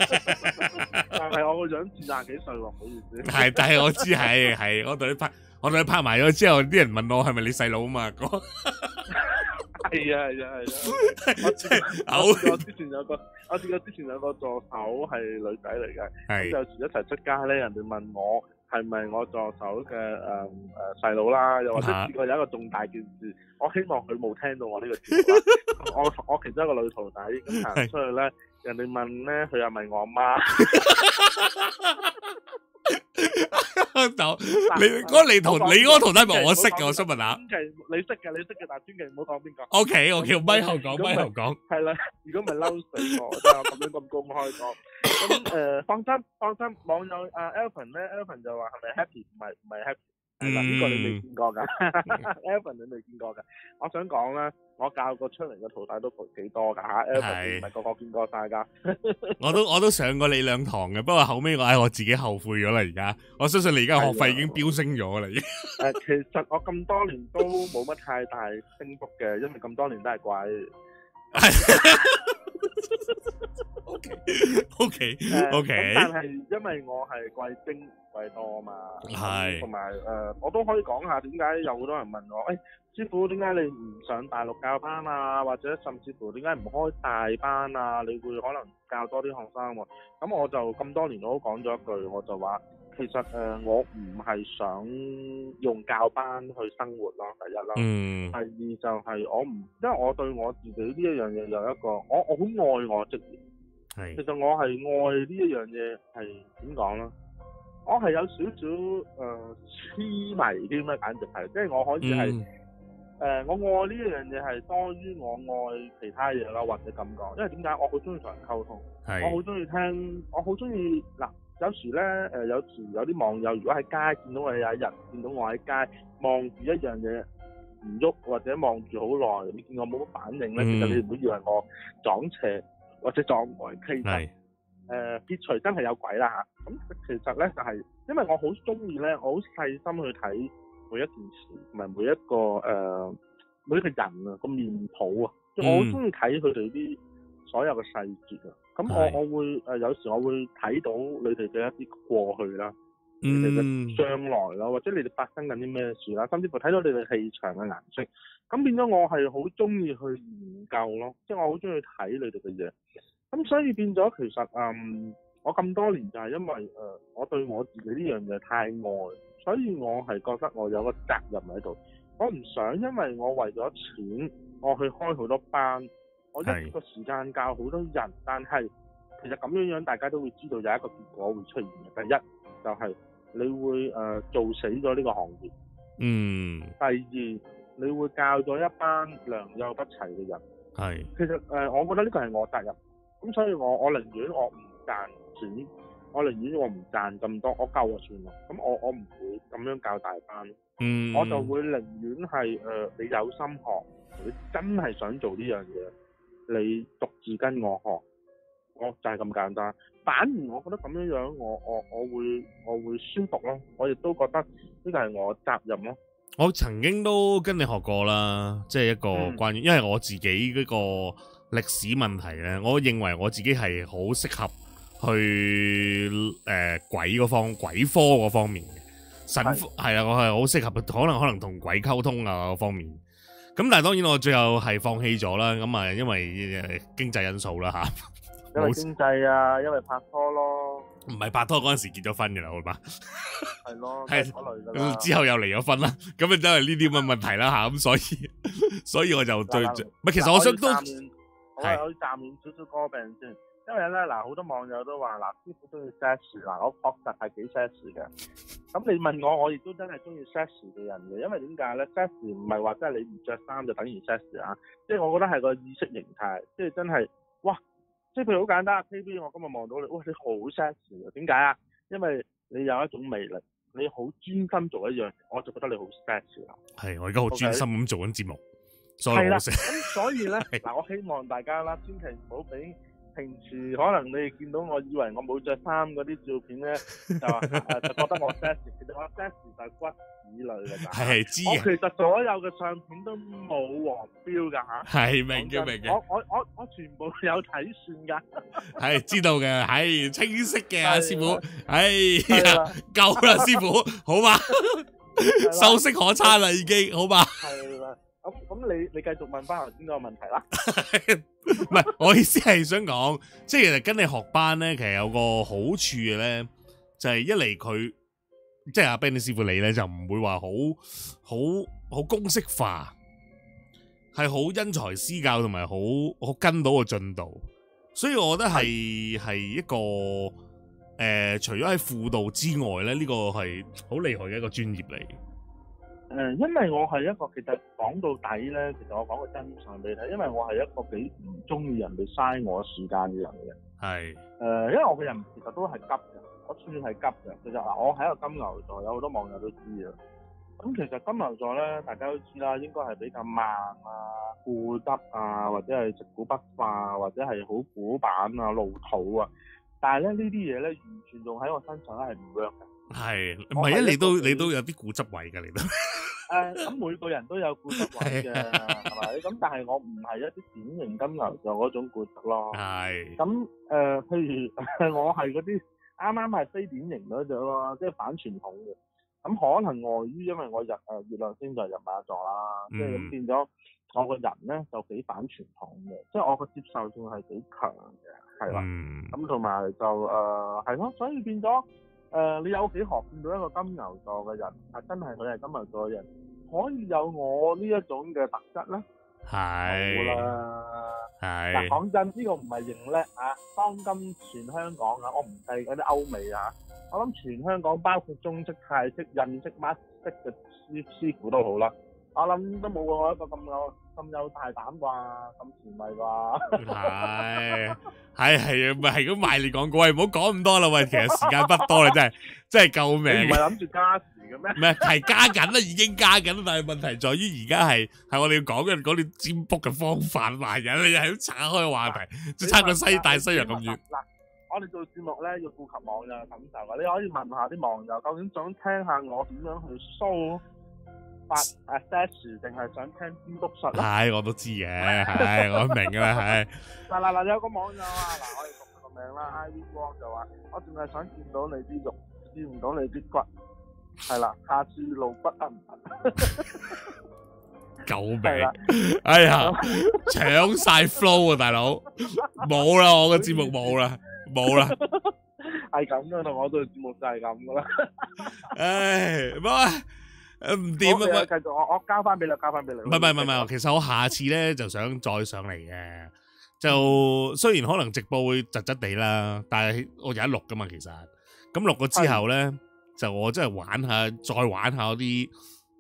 [LAUGHS] [LAUGHS] 但係我個樣似廿幾歲喎，唔好意思。係， [LAUGHS] 但係我知係
係，我同你拍，我同你拍埋咗之後，啲人問我係咪你細佬啊嘛，那個 [LAUGHS]
係啊，係啊，係啦！ [LAUGHS] [LAUGHS] [LAUGHS] 我之前有個，我試過之前有個助手係女仔嚟嘅，有時是一齊出街咧，人哋問我係咪我助手嘅誒誒細佬啦，又或者試過有一個重大件事，我希望佢冇聽到我呢個節目。 [LAUGHS] [LAUGHS] 我我其中一個女徒弟咁行出去咧。人哋問咧，佢又問我阿媽。就你嗰個，你同你嗰個徒弟係咪我識嘅？我想問下。專技你識嘅，你識嘅，但專技唔好講邊個。OK，我叫咪熊講，咪熊講。係啦，如果唔係嬲死我，就咁樣咁公開講。咁誒，放心，放心，網友阿 Elvin 咧，Elvin 就話係咪 Happy？唔係唔係 Happy？呢個你未見過噶，嗯 [LAUGHS] ，Evan 你未見過噶，我想講啦， [LAUGHS] 我教過出嚟嘅徒弟都幾多噶吓，Evan 唔係是個個見過大家？
[LAUGHS] 我都我都上過你兩堂嘅，不過後尾我唉我自己後悔咗啦，而家我相信你而家學費已經飆升咗啦，
其實我咁多年都冇乜太大升幅嘅，因為咁多年都係貴。 [LAUGHS] [LAUGHS] O K O K O K，但係因為我係貴精貴多嘛，係是，同埋誒，uh, 我都可以講下點解有好多人問我，誒、欸，師傅點解你唔上大陸教班啊？或者甚至乎點解唔開大班啊？你會可能教多啲學生喎、啊，咁我就咁多年我都講咗一句，我就話。其實誒、呃，我唔係想用教班去生活咯，第一咯。嗯。第二就係我唔，因為我對我自己呢一樣嘢有一個，我我好愛我職業。係
是。其
實我係愛呢一樣嘢，係點講咧？我係有少少誒痴迷啲咩，簡直係，即係我可以係誒、嗯呃，我愛呢一樣嘢係多於我愛其他嘢啦，或者咁講，因為點解我好中意同人溝通，是我好中意聽，我好中意嗱。有時咧，誒有時有啲網友，如果喺街見到我，有一日見到我喺街望住一樣嘢唔喐，或者望住好耐，你見我冇乜反應咧，mm hmm. 其實你唔好以為我撞邪或者撞呆傾偈。係、mm。誒、hmm. 撇、呃、除真係有鬼啦嚇！咁、嗯、其實咧就係、是、因為我好中意咧，我好細心去睇每一件事同埋每一個誒、呃、每一個人啊個面譜啊，我好中意睇佢哋啲。Mm hmm. 所有嘅細節啊，咁我是我會，誒，有時我會睇到你哋嘅一啲過去啦，
你哋嘅
將來咯，或者你哋發生緊啲咩事啦，甚至乎睇到你哋氣場嘅顏色，咁變咗我係好中意去研究咯，即係我好中意睇你哋嘅嘢。咁所以變咗其實誒，我咁多年就係因為誒我對我自己呢樣嘢太愛，所以我係覺得我有個責任喺度，我唔想因為我為咗錢我去開好多班。我一個時間教好多人，但係其實咁樣樣，大家都會知道有一個結果會出現嘅。第一就係、是、你會誒、呃、做死咗呢個行業，嗯。第二你會教咗一班良莠不齊嘅人，係、嗯。其實誒、呃，我覺得呢個係我責任，咁所以我我寧願我唔賺錢，我寧願我唔賺咁多，我教就算咯。咁我我唔會咁樣教大班，嗯。
我就
會寧願係誒、呃，你有心學，你真係想做呢樣嘢。你獨自跟我學，我就係咁簡單。反而我覺得咁樣樣，我我我會我會宣讀咯。我亦都覺得呢個係我責任咯。
我曾經都跟你學過啦，即、就、係、是、一個關於，嗯、因為我自己嗰個歷史問題咧，我認為我自己係好適合去誒、呃、鬼嗰方鬼科嗰方面嘅神，係啊是，我係好適合可能可能同鬼溝通啊嗰方面。咁但係當然我最後係放棄咗啦，咁啊因為經濟因素啦吓，因為經濟啊，因為拍拖咯，唔係拍拖嗰陣時結咗婚嘅啦，好嗎？係咯，
係，之後又
離咗婚啦，咁啊因為呢啲咁嘅問題啦吓，咁所以所以我就最，唔係，其實我想都，我有暫緩
少少歌病先。因為咧嗱，好多網友都話嗱，師傅中意 sexy 嗱，我確實係幾 sexy 嘅。咁你問我，我亦都真係中意 sexy 嘅人嘅。因為點解咧？sexy 唔係話真係你唔着衫就等於 sexy 啊，即係我覺得係個意識形態，即係真係，哇！即係譬如好簡單，K B，我今日望到你，哇，你好 sexy 啊？點解啊？因為你有一種魅力，你好專心做一樣，我就覺得你好 sexy 啊。
係，我而家好專心咁做緊節目，Okay?
所以我先。咁所以咧，嗱的，我希望大家啦，千祈唔好俾。平時可能你見到我以為我冇着衫嗰啲照片咧，就就覺得我 sexy， [LAUGHS] 我 sexy 就係骨子裏嘅。係知其實所有嘅相片都冇黃標噶吓。係，明嘅就明嘅。我我我我全部有睇算噶。
係知道嘅，係、哎、清晰嘅、啊，阿的師傅。哎呀，夠啦的，師傅，好嘛？秀的色可餐啦，已經，好嘛？係
啦。咁咁，你你繼續問翻頭先嗰
個問題啦。唔係， [LAUGHS] 我意思係想講，即係其實跟你學班咧，其實有個好處嘅咧，就係、是、一嚟佢，即係阿 Benny 師傅你咧，就唔會話好好好公式化，係好因材施教，同埋好好跟到個進度，所以我覺得係系的一個誒、呃，除咗喺輔導之外咧，呢、這個係好厲害嘅一個專業嚟。
誒，因為我係一個的的是、嗯、其實講到底咧，其實我講個真相俾你睇。因為我係一個幾唔中意人哋嘥我時間嘅人嚟嘅。
係。
誒，因為我嘅人其實都係急嘅，我算係急嘅。其實嗱，我喺個金牛座，有好多網友都知啦。咁其實金牛座咧，大家都知啦，應該係比較慢啊、固執啊，或者係直古不化，或者係好古板啊、老土啊。但係咧，呢啲嘢咧，完全用喺我身上咧係唔 work 嘅。
係，唔係啊？你都你都有啲固執位嘅，你都。誒，
咁每個人都有固執位嘅，係咪？ [LAUGHS] 咁但係我唔係一啲典型金牛座嗰種固執咯。係是。咁誒、呃，譬如 [LAUGHS] 我係嗰啲啱啱係非典型嗰種咯，即、就、係、是、反傳統嘅。咁可能礙、呃、於，因為我日誒月亮星座係人馬座啦，即係咁變咗我個人咧就幾反傳統嘅，即係我個接受性係幾強嘅，係啦。咁同埋就誒係咯，所以變咗。誒，你有幾學見到一個金牛座嘅人，係真係佢係金牛座嘅人，可以有我呢一種嘅特質咧，
係
啦，係。嗱，講真，呢個唔係認叻嚇，當今全香港啊，我唔計嗰啲歐美嚇，我諗全香港包括中式、泰式、印式、馬式嘅師師傅都好啦，我諗都冇過我一個咁嘅。咁有大膽啩？咁
前衛啩？係，係係啊，咪係咁賣你廣告喂！唔好講咁多啦喂，其實時間不多啦真係，真係救命嘅。唔係諗住
加時
嘅咩？唔係加緊啦，已經加緊，但係問題在於而家係係我哋要講嘅講啲占卜嘅方法壞人，你又喺度岔開話題，差個西大西洋咁遠。
嗱，我哋做節目咧，要顧及網友感受啊，你可以問下啲網友究竟想聽下我點樣去梳，發誒，Sash 定係想聽豬骨術？唉、
哎，我都知嘅，係、哎、我都明嘅，係 [LAUGHS]
是。嗱嗱嗱，有個網友啊，嗱、 [LAUGHS] e，我哋讀個名啦，Ivone 就話：我淨係想見到你啲肉，見唔到你啲骨。係啦，下次路不得唔行。 [LAUGHS] 救命！
哎呀，搶晒 [LAUGHS] flow 啊，大佬！冇啦，我嘅節目冇啦，冇啦
[LAUGHS] 係咁噶啦，我對節目就係咁噶啦。唉、 [LAUGHS] 哎，唔好。誒唔掂啊！繼續我我交翻俾你，交翻俾你。唔係唔
係唔係，續其實我下次咧 [LAUGHS] 就想再上嚟嘅，就雖然可能直播會窒窒地啦，但係我有一錄噶嘛。其實咁錄咗之後咧，是的 就我真係玩下，是的 再玩下嗰啲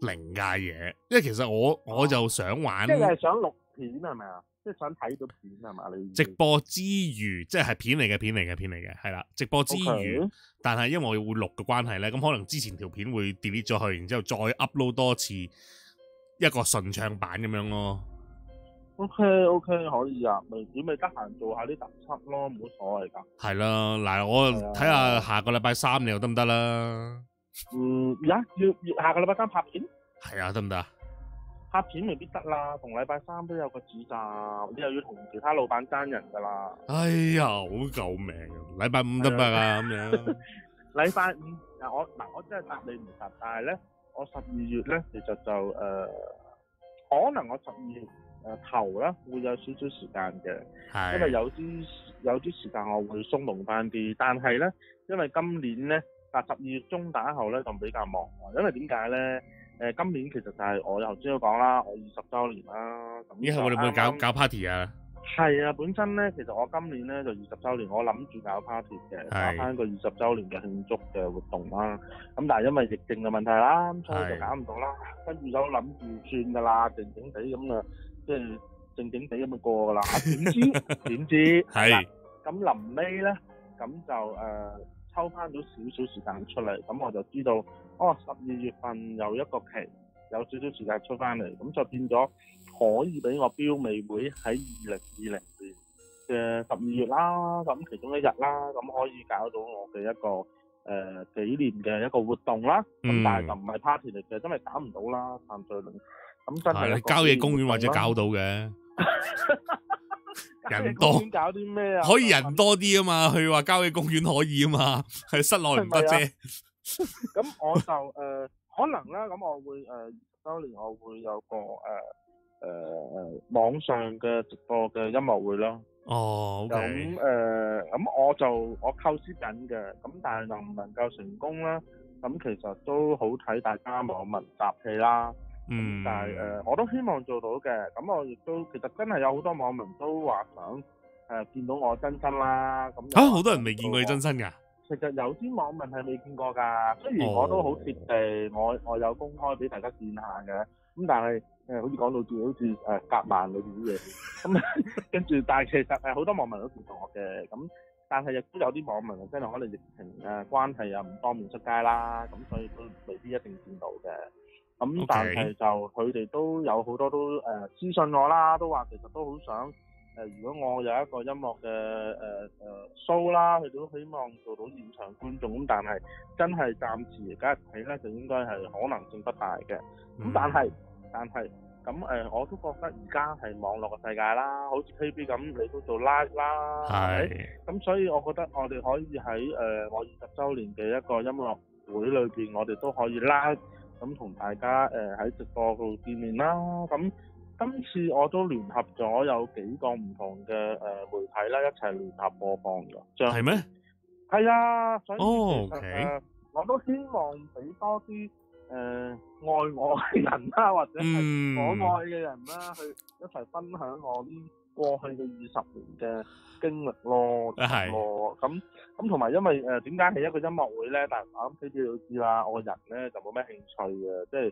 靈界嘢，因為其實我我就想玩。哦，即係
想錄片係咪啊？是即係想睇到片係嘛？你直
播之餘，即係片嚟嘅片嚟嘅片嚟嘅，係啦。直播之餘，Okay. 但係因為我會錄嘅關係咧，咁可能之前條片會 delete 咗去，然之後再 upload 多次一個順暢版咁樣 okay,
okay，咯。O K O K，可以啊。咪你咪得閒做
下啲特輯咯，冇所謂噶。係啦，嗱，我睇下下個禮拜三你又得唔得啦？嗯，
而家要，要下個禮拜三拍片，係啊，得唔得？拍片未必得啦，同禮拜三都有個節，你又要同其他老闆爭人㗎啦。哎呀，好
救命！禮拜五得唔得啊？咁 [LAUGHS] 樣。
禮拜 [LAUGHS] 五，嗱，我嗱，我真係答你唔答，但係咧，我十二月咧其實就誒、呃，可能我十二月誒頭啦，會有少少時間嘅，是
因為有
啲有啲時間我會鬆動翻啲，但係咧，因為今年咧，嗱十二月中打後咧就比較忙，因為點解咧？誒，今年其實就係我頭先都講啦，我二十周年啦，咁以後我哋會唔會搞搞 party 啊？係啊，本身咧，其實我今年咧就二十周年，我諗住搞 party 嘅，搞翻個二十周年嘅慶祝嘅活動啦。咁但係因為疫症嘅問題啦，咁所以就搞唔到啦。跟住就諗住算噶啦，靜靜哋咁啊，即係靜靜哋咁樣過噶啦。點知點知係？咁臨尾咧，咁就誒抽翻咗少少時間出嚟，咁我就知道。哦，十二月份又一個期，有少少時間出翻嚟，咁就變咗可以俾我標美會喺二零二零年嘅十二月啦，咁其中一日啦，咁可以搞到我嘅一個誒紀念嘅一個活動啦。咁但係就唔係 party 嚟嘅，真係打唔到啦。潘再龍，咁真係郊野公園或者搞到嘅，人多搞啲咩，可以人
多啲啊嘛。佢話郊野公園可以啊嘛，係室內唔得啫。
咁我就誒可能咧，咁我會誒周年我會有個誒誒網上嘅直播嘅音樂會咯。哦，咁誒咁我就我構思緊嘅，咁但係能唔能夠成功咧？咁其實都好睇大家網民集氣啦。
嗯，但係誒
我都希望做到嘅。咁我亦都其實真係有好多網民都話想誒見到我真身啦。咁吓，好多人未見過你真身噶？其實有啲網民係未見過㗎，雖然我都好貼地，我我有公開俾大家見下嘅，咁但係誒好似講到住好似誒夾萬裏便啲嘢，咁跟住，但係其實係好多網民都識我嘅，咁但係亦都有啲網民即係可能疫情啊關係啊唔方便出街啦，咁所以都未必一定見到嘅，咁但係就佢哋都有好多都誒私信我啦，都話其實都好想。誒，如果我有一個音樂嘅誒誒 show 啦，佢都希望做到現場觀眾咁，但係真係暫時而家睇咧，就應該係可能性不大嘅。咁但係但係咁誒，我都覺得而家係網絡嘅世界啦，好似 TVB 咁，你都做 live 啦，係咪？咁所以，我覺得我哋可以喺誒我二十週年嘅一個音樂會裏邊，我哋都可以 live，咁同大家誒喺直播度見面啦，咁。今次我都聯合咗有幾個唔同嘅誒媒體啦，一齊聯合播放嘅，就係咩？係啊，所以其實我都希望俾多啲誒愛我嘅人啦，或者係我愛嘅人啦，去一齊分享我啲過去嘅二十年嘅經歷咯，係咯。咁咁同埋因為誒點解係一個音樂會咧？但係咁佢哋都知啦。我人咧就冇咩興趣嘅，即係。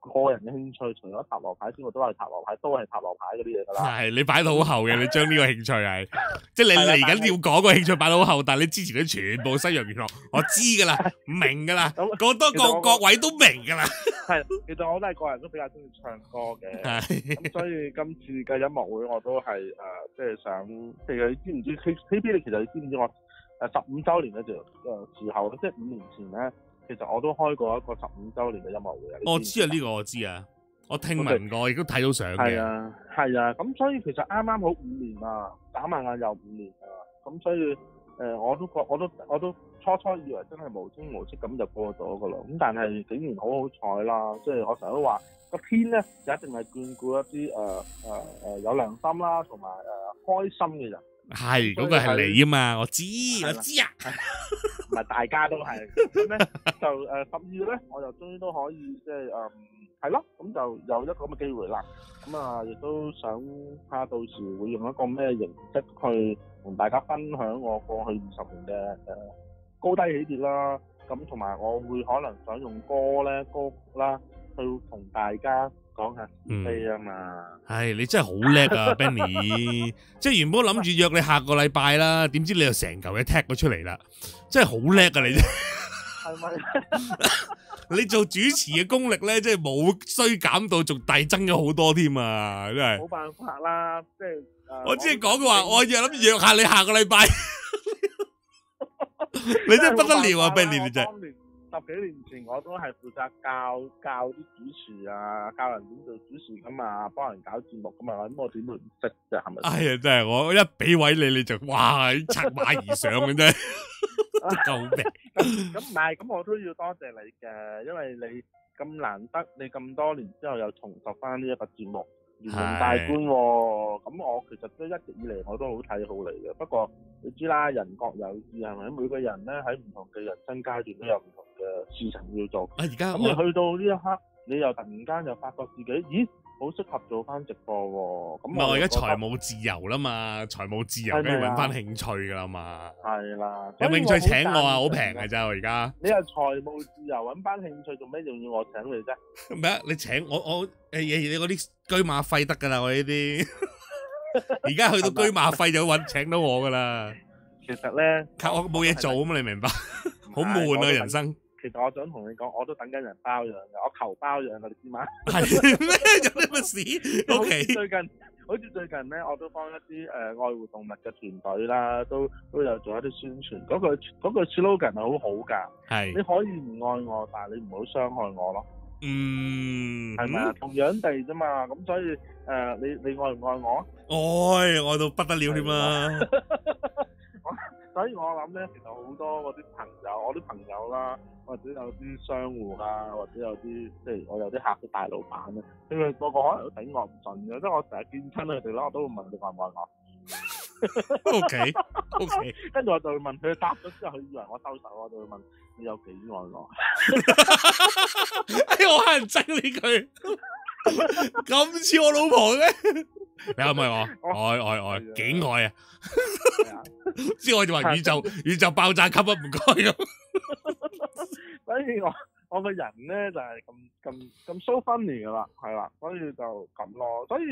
個人嘅興趣除咗塔羅牌之外，都係塔羅牌，都係塔羅牌嗰啲嘢
噶啦。係你擺到好後嘅，你將呢個興趣係，即係你嚟緊要講個興趣擺到好後，但係你之前咧全部西洋娛樂，我知噶啦，唔明噶啦，咁多各各位都
明噶啦。係，其實我都係個人都比較中意唱歌嘅，咁所以今次嘅音樂會我都係誒，即係想其實你知唔知 K K B？其實你知唔知我誒十五周年嘅時時候即係五年前咧。其實我都開過一個十五週年嘅音樂會啊！知我知啊，呢
個我知啊，我聽聞過，亦都睇到相嘅。係啊，
係啊，咁所以其實啱啱好五年啊，眨埋眼又五年啊，咁所以誒，我都覺我都我都，我都初初以為真係無聲無息咁就過咗噶咯，咁但係竟然好好彩啦，即係我成日都話個天咧，就一定係眷顧一啲誒誒誒有良心啦，同埋誒開心嘅人。
係，嗰個係你啊嘛，我知，
我知啊，咪大家都係，咁咧，就誒十二月咧，我就終於都可以即係誒係咯，咁就有一個咁嘅機會啦，咁啊亦都想睇下到時會用一個咩形式去同大家分享我過去二十年嘅誒高低起跌啦，咁同埋我會可能想用歌咧，歌曲啦，去同大家。講下係啊
嘛！係、嗯、你真係好叻啊 [LAUGHS] ，Benny！即係原本諗住約你下個禮拜啦，點知你又成嚿嘢踢咗出嚟啦！真係好叻啊，你真係！係
咪
[LAUGHS] 你做主持嘅功力咧，即係冇衰減到，仲遞增咗好多添啊！真係。冇辦法啦，即、就、
係、是。我只係講嘅話，我又
諗約下你下個禮拜。
[LAUGHS] [LAUGHS]
你真係不得了啊，Benny！你真係。
十幾年前我都係負責教教啲主持啊，教人點做主持噶、啊、嘛，幫人搞節目噶嘛，咁我點會唔識啫，係咪？
啊，真係我，啊哎、我一俾位你，你就哇，策馬而上嘅啫！
救命 [LAUGHS] [LAUGHS] 美！咁唔係，咁我都要多謝你嘅，因為你咁難得，你咁多年之後又重拾翻呢一個節目。大觀喎，咁是、 [NOISE] 嗯、我其實都一直以嚟我都好睇好你嘅，不過你知啦，人各有志係咪？每個人咧喺唔同嘅人生階段都有唔同嘅事情要做。啊，而家咁你去到呢一刻，你又突然間又發覺自己，咦？好適合做翻直播喎，咁我而家財務
自由啦嘛，財務自由跟住揾翻興趣噶啦嘛，係啦，有興趣請我啊，好平嘅咋我而家。你有
財
務自由揾翻興趣，做咩仲要我請你啫？唔係啊，你請我我誒嘢，你嗰啲車馬費得㗎啦，我呢啲。
而家去到車馬
費就揾請到我㗎啦。其實咧，靠我冇嘢做吖嘛，你明白，好悶啊人生。
其實我想同你講，我都等緊人包養嘅，我求包養嘅，你知嘛？係咩有咩？咩事？O K，最近好似最近咧，我都幫一啲誒、呃、愛護動物嘅團隊啦，都都有做一啲宣傳。嗰句，嗰句 slogan 係好好噶，係是你可以唔愛我，但係你唔好傷害我咯。嗯，
係咪吧、嗯、
同樣地啫嘛，咁所以誒、呃，你你愛唔愛我？
愛愛、哎、到不得了添嘛、啊。 [LAUGHS]
所以我諗咧，其實好多嗰啲朋友，我啲朋友啦，或者有啲商戶啊，或者有啲即係我有啲客，嘅大老闆啊，佢哋個個可能都頂我唔順嘅，即係我成日見親佢哋咧，我都會問你愛唔愛我。O K O K，跟住我就會問佢，答咗之後佢以為我收手我就會問你有幾愛我？ [LAUGHS] [LAUGHS] 哎我係唔憎理佢，咁 [LAUGHS] 似我老婆嘅。 [LAUGHS]
你愛唔愛我？愛愛愛，幾愛啊！之 [LAUGHS] 我就話宇宙 [LAUGHS] 宇宙爆炸級啊，唔該咁。
所以我我個人咧就係咁咁咁 so funny 噶啦，係啦，所以就咁咯。所以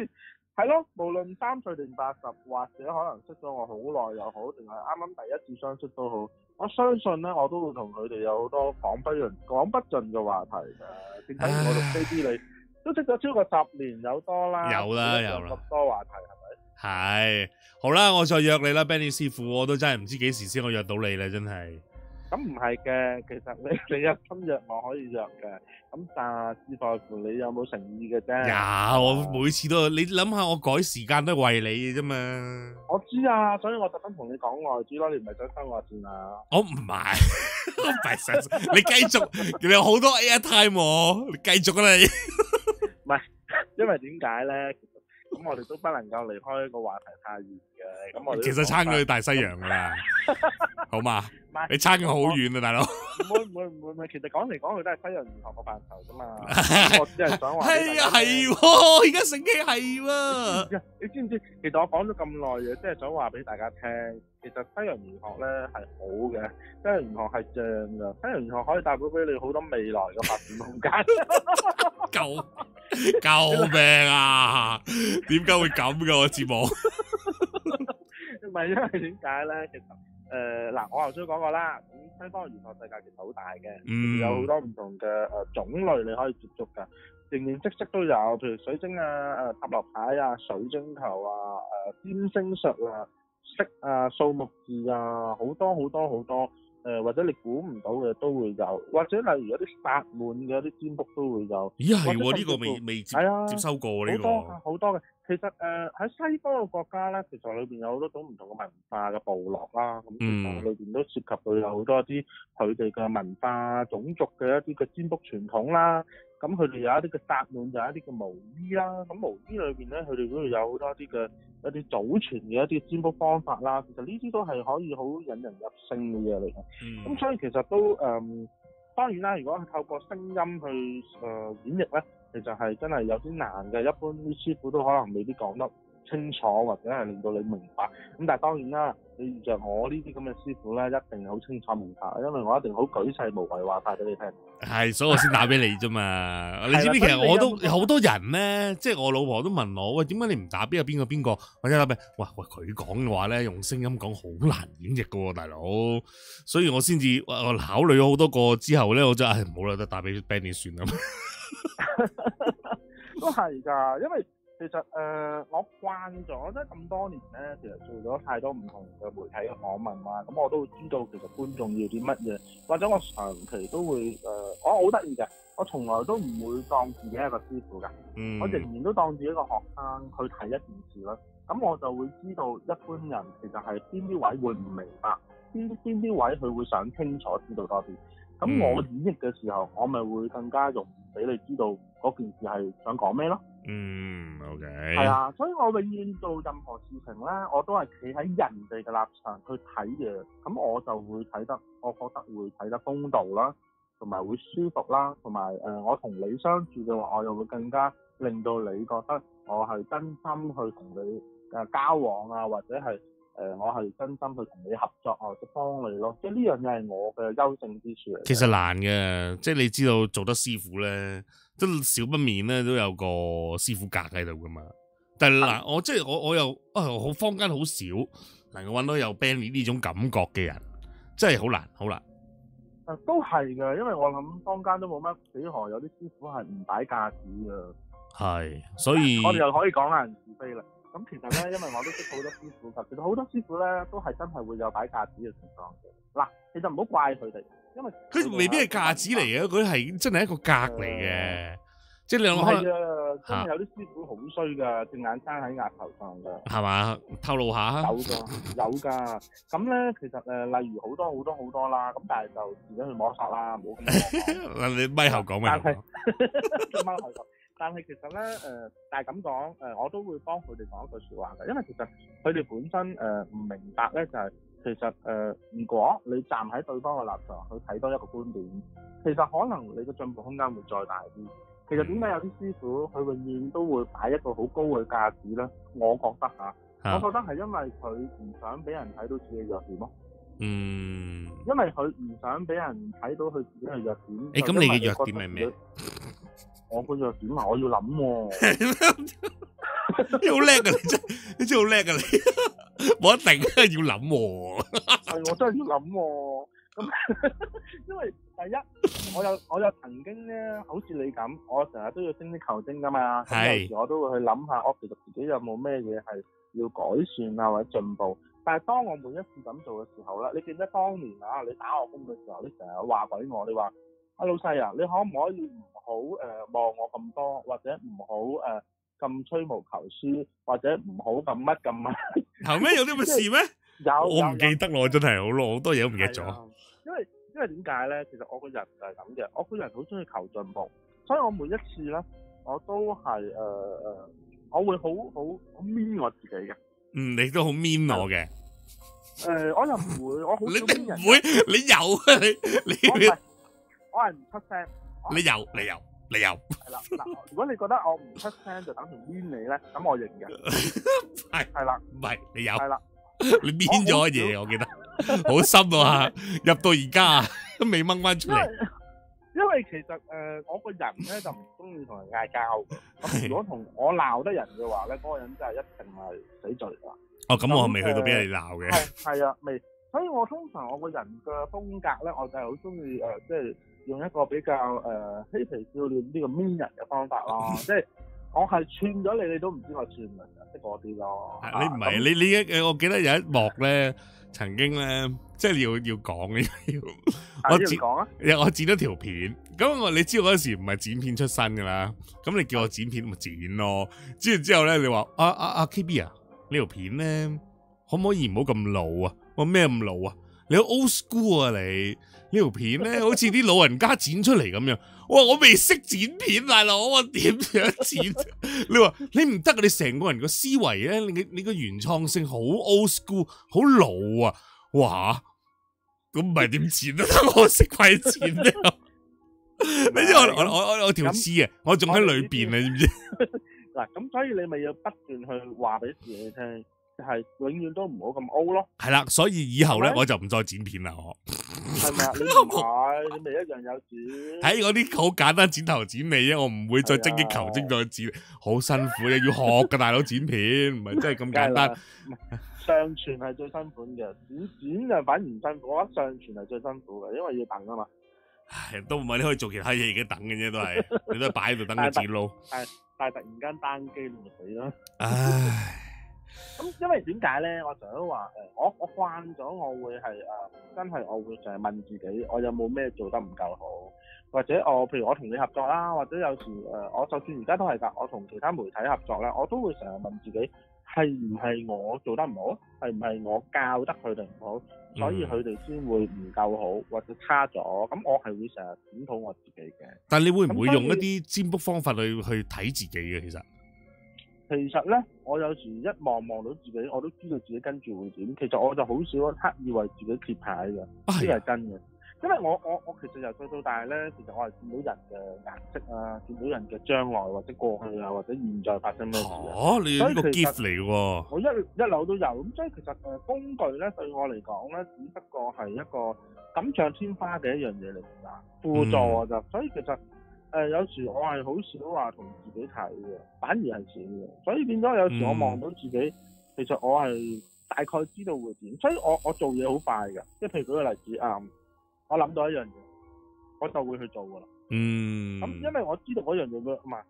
係咯，無論三歲定八十，或者可能識咗我好耐又好，定係啱啱第一次相識都好，我相信咧，我都會同佢哋有好多講不完講不盡嘅話題嘅。正等於我同呢啲你。都識咗超過十年有多啦，有啦有啦，咁多話題係咪？
係啦吧，好啦，我再約你啦，Benny 師傅，我都真係唔知幾時先可以約到你啦，真係。
咁唔係嘅，其實你成日斟藥我可以約嘅，咁但係至在乎你有冇誠意嘅啫。有，
我每次都，你諗下我改時間都係為你嘅啫嘛。
我知啊，所以我特登同你講外資咯，你唔係想收我線啊？
我唔
係， [LAUGHS] 你繼續，你有好多
airtime 喎，你繼續你！
唔係，因為點解咧？咁我哋都不能夠離開一個話題太遠。其實撐佢去大
西洋㗎喇，好嘛？
你撐佢好遠啊，大佬！唔會唔會唔會，其實講嚟講去都係西洋玄學個範疇啫嘛。我只係想話，係啊係，而家成機係喎。你知唔知？其實我講咗咁耐嘢，即係想話俾大家聽，其實西洋玄學咧係好嘅，西洋玄學係正噶，西洋玄學可以帶俾俾你好多未來嘅發展空間。救救
命啊！點解會咁噶？我節目？
係因為點解咧？其實誒嗱，我頭先講過啦。咁西方嘅玄學世界其實好大嘅，有好多唔同嘅誒種類你可以接觸㗎，形形色色都有。譬如水晶啊、誒塔羅牌啊、水晶球啊、誒占星術啊、色啊、數目字啊，好多好多好多。誒或者你估唔到嘅都會有，或者例如有啲薩滿嘅一啲占卜都會有。咦係喎，呢個未未接接收過呢個。好多好多嘅。其實誒喺、呃、西方嘅國家咧，其實裏邊有好多種唔同嘅文化嘅部落啦，咁其實裏邊都涉及到有好多啲佢哋嘅文化、種族嘅一啲嘅占卜傳統啦。咁佢哋有一啲嘅答案，就係一啲嘅毛衣啦。咁毛衣裏邊咧，佢哋都有好多啲嘅一啲祖傳嘅一啲嘅占卜方法啦。其實呢啲都係可以好引人入勝嘅嘢嚟
嘅。咁、嗯、所
以其實都誒、呃、當然啦，如果係透過聲音去誒、呃、演繹咧。其實係真係有啲難嘅，一般啲師傅都可能未必講得清楚，或者係令到你明白。咁但係當然啦，你遇着我呢啲咁嘅師傅咧，一定好清楚明白，因為我一定好舉世無遺話曬俾你聽。
係，所以我先打俾你啫嘛。 [LAUGHS] 你知唔知其實我都好 [LAUGHS] 多人咧，即係我老婆都問我，喂點解你唔打邊個邊個邊個或者嗱咩？喂喂佢講嘅話咧，用聲音講好難演繹嘅喎，大佬。所以我先至我考慮咗好多個之後咧，我就唉唔好啦，得打俾 Benny 算啦。 [LAUGHS]
[LAUGHS] 都係噶，因為其實誒、呃，我慣咗即係咁多年咧，其實做咗太多唔同嘅媒體嘅訪問嘛，咁我都會知道其實觀眾要啲乜嘢，或者我長期都會誒、呃，我好得意嘅，我從來都唔會當自己係個師傅嘅，嗯，我仍然都當住一個學生去睇一件事咯，咁我就會知道一般人其實係邊啲位會唔明白，邊邊啲位佢會想清楚知道多啲。咁、嗯、我演繹嘅時候，我咪會更加容易俾你知道嗰件事係想講咩咯。
嗯，OK。係啊，
所以我永遠做任何事情咧，我都係企喺人哋嘅立場去睇嘅，咁我就會睇得，我覺得會睇得公道啦，同埋會舒服啦，同埋誒我同你相處嘅話，我又會更加令到你覺得我係真心去同你誒、呃、交往啊，或者係。誒，我係真心去同你合作啊，去幫你咯，即係呢樣嘢係我嘅優勝之處。其實
難嘅，即係你知道做得師傅咧，即少不免咧都有個師傅格喺度噶嘛。但係嗱是，我即係我我又啊，我坊間好少能夠搵到有 Benny 呢種感覺嘅人，真係好難，好難。
啊，都係嘅，因為我諗坊間都冇乜幾何有啲師傅係唔擺架子
嘅。係，所以我哋又可
以講人是非啦。咁其實咧，因為我都識好多師傅，其實好多師傅咧都係真係會有擺架子嘅情況。嗱，其實唔好怪佢哋，因為佢未必係
架子嚟嘅，佢係真係一個格嚟嘅。
即係你諗下。係啊，真係有啲師傅好衰㗎，隻眼生喺額頭上㗎。係
嘛？透露下。
有㗎，有㗎。咁咧，其實誒，例如好多好多好多啦，咁但係就自己去摸索啦，
冇咁。嗱，你咪後
講咪。哈哈哈哈哈。但係其實咧，誒、呃，但係咁講，誒、呃，我都會幫佢哋講一句説話嘅，因為其實佢哋本身誒唔、呃、明白咧，就係、是、其實誒、呃，如果你站喺對方嘅立場去睇多一個觀點，其實可能你嘅進步空間會再大啲。其實點解有啲師傅佢永遠都會擺一個好高嘅架子咧？我覺得吓，啊、我覺得係因為佢唔想俾人睇到自己弱點咯。嗯，因為佢唔想俾人睇到佢自己嘅弱點。咁、欸、你嘅弱點係咩？我嗰度點啊？我要諗，你好叻啊！你真，你真好叻啊！你，我一定啊要諗，係我真係要諗。咁因為第一，我有我有曾經咧，好似你咁，我成日都要精益求精噶嘛。係，我都會去諗下，我其實自己有冇咩嘢係要改善啊或者進步。但係當我每一次咁做嘅時候啦，你記得當年啊，你打我工嘅時候，你成日話鬼我，你話啊老細啊，你可唔可以唔？好誒，望我咁多，或者唔好誒咁吹毛求疵，或者唔好咁乜咁乜？後尾有啲咁嘅事咩？有，我唔記得我真係好
咯，好多嘢都唔記得咗。
因為因為點解咧？其實我個人就係咁嘅，我個人好中意求進步，所以我每一次咧，我都係誒，我會好好好 mean 我自己嘅。
嗯，你都好 mean 我嘅。
誒，我又唔會，我好少。你唔會？
你有啊？你你唔係？
我係唔出聲。你
有，你有，你有。
係啦，嗱，如果你覺得我唔出聲就等於冤你咧？咁我認
嘅。係係啦，唔係你有。係啦，你編咗嘢，我記得好深啊，入到而家都未掹翻出嚟。
因為其實誒，我個人咧就唔中意同人嗌交嘅。咁如果同我鬧得人嘅話咧，嗰個人真係一定係死罪
啦。哦，咁我未去到俾你鬧嘅。係
係啊，未。所以我通常我個人嘅風格咧，我就係好中意誒，即係。用一個比較誒嬉、呃、皮笑臉呢、呢個 mean
人嘅方法咯，啊、即係我係串咗你，你都唔知我串唔明、就是、啊，識嗰啲咯。係你唔係你你我記得有一幕咧，曾經咧即係要要講嘅要，我剪講啊我剪，我剪咗條片。咁我你知嗰時唔係剪片出身㗎啦，咁你叫我剪片咪剪咯。之後之後咧，你話阿阿阿 KB 啊，呢、啊啊啊、條片咧可唔可以唔好咁老啊？我咩咁老啊？你好 old school 啊！你，你呢條片咧，好似啲老人家剪出嚟咁樣。哇！我未識剪片大佬，我話點樣剪？ [LAUGHS] 你話你唔得，你成個人個思維咧，你你個原創性好 old school，好老啊！哇！咁唔係點剪啊？ [LAUGHS] [LAUGHS] 我識鬼剪咩？ [LAUGHS] [LAUGHS] 你知我我我條屍啊！嗯、我仲喺裏邊啊！你知唔
知？嗱，咁所以你咪要不斷去話俾自己聽。係永遠都唔好咁 O 咯、嗯。
係啦、哦，所以以後咧我就唔再剪片啦，我
係咪？唔係你咪一樣有
剪。喺 [LAUGHS] 我啲好簡單剪頭剪尾啫，我唔會再精益求精再剪，好是、啊、辛苦嘅， [LAUGHS] 要學噶大佬剪片，唔係真係咁簡單。
上傳係最辛苦嘅，剪剪就反而唔辛苦，我上傳係最辛苦嘅，因
為要等啊嘛。唉，都唔係你可以做其他嘢而家等嘅啫，都係 [LAUGHS] 你都係擺喺度等佢剪咯。係但
係是突然間單機就死咯，唉。咁因為點解咧？我想話誒，我我慣咗我會係誒、呃，真係我會成日問自己，我有冇咩做得唔夠好？或者我譬如我同你合作啦，或者有時誒、呃，我就算而家都係噶，我同其他媒體合作咧，我都會成日問自己，係唔係我做得唔好？係唔係我教得佢哋唔好，所以佢哋先會唔夠好或者差咗？咁我係會成日檢討我自己嘅。但你會唔會用一啲
占卜方法去去睇自己嘅？嗯、其實會會？
其實咧，我有時一望一望到自己，我都知道自己跟住會點。其實我就好少刻意為自己接牌嘅，呢個係真嘅。因為我我我其實由細到大咧，其實我係見到人嘅顏色啊，見到人嘅將來或者過去啊，或者現在發生咩事啊。嚇、啊！你個結嚟喎！我一一路都有咁，所以其實誒工具咧對我嚟講咧，只不過係一個錦上添花嘅一樣嘢嚟㗎。輔助就、嗯、所以其實。誒、呃，有時我係好少話同自己睇嘅，反而係少嘅。所以變咗有時我望到自己，嗯、其實我係大概知道會點，所以我我做嘢好快噶，即係譬如舉個例子啊、嗯，我諗到一樣嘢，我就會去做噶啦。嗯。
咁、嗯、因
為我知道嗰樣嘢咩，唔係，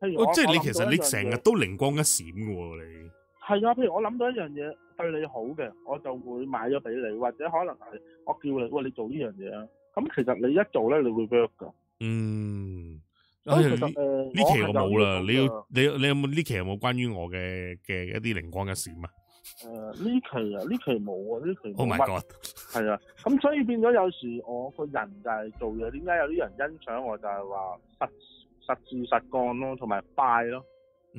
譬如即係你其實你成日
都靈光一閃嘅喎，
你係啊，譬如我諗、哦、到一樣嘢、啊、對你好嘅，我就會買咗俾你，或者可能係我叫你喂你做呢樣嘢，啊。咁其實你一做咧你,你,你,你,你會 work 噶。
嗯，哎，其實覺得呢期我冇啦。你要你你有冇呢期有冇關於我嘅嘅一啲靈光嘅事啊？誒
[LAUGHS] 呃，呢期啊，呢期冇啊，呢期冇。
Oh my god！
係啊，咁 [LAUGHS] 所以變咗有時我個人就係做嘢，點解有啲人欣賞我，就係、是、話實實事實幹咯，同埋快咯，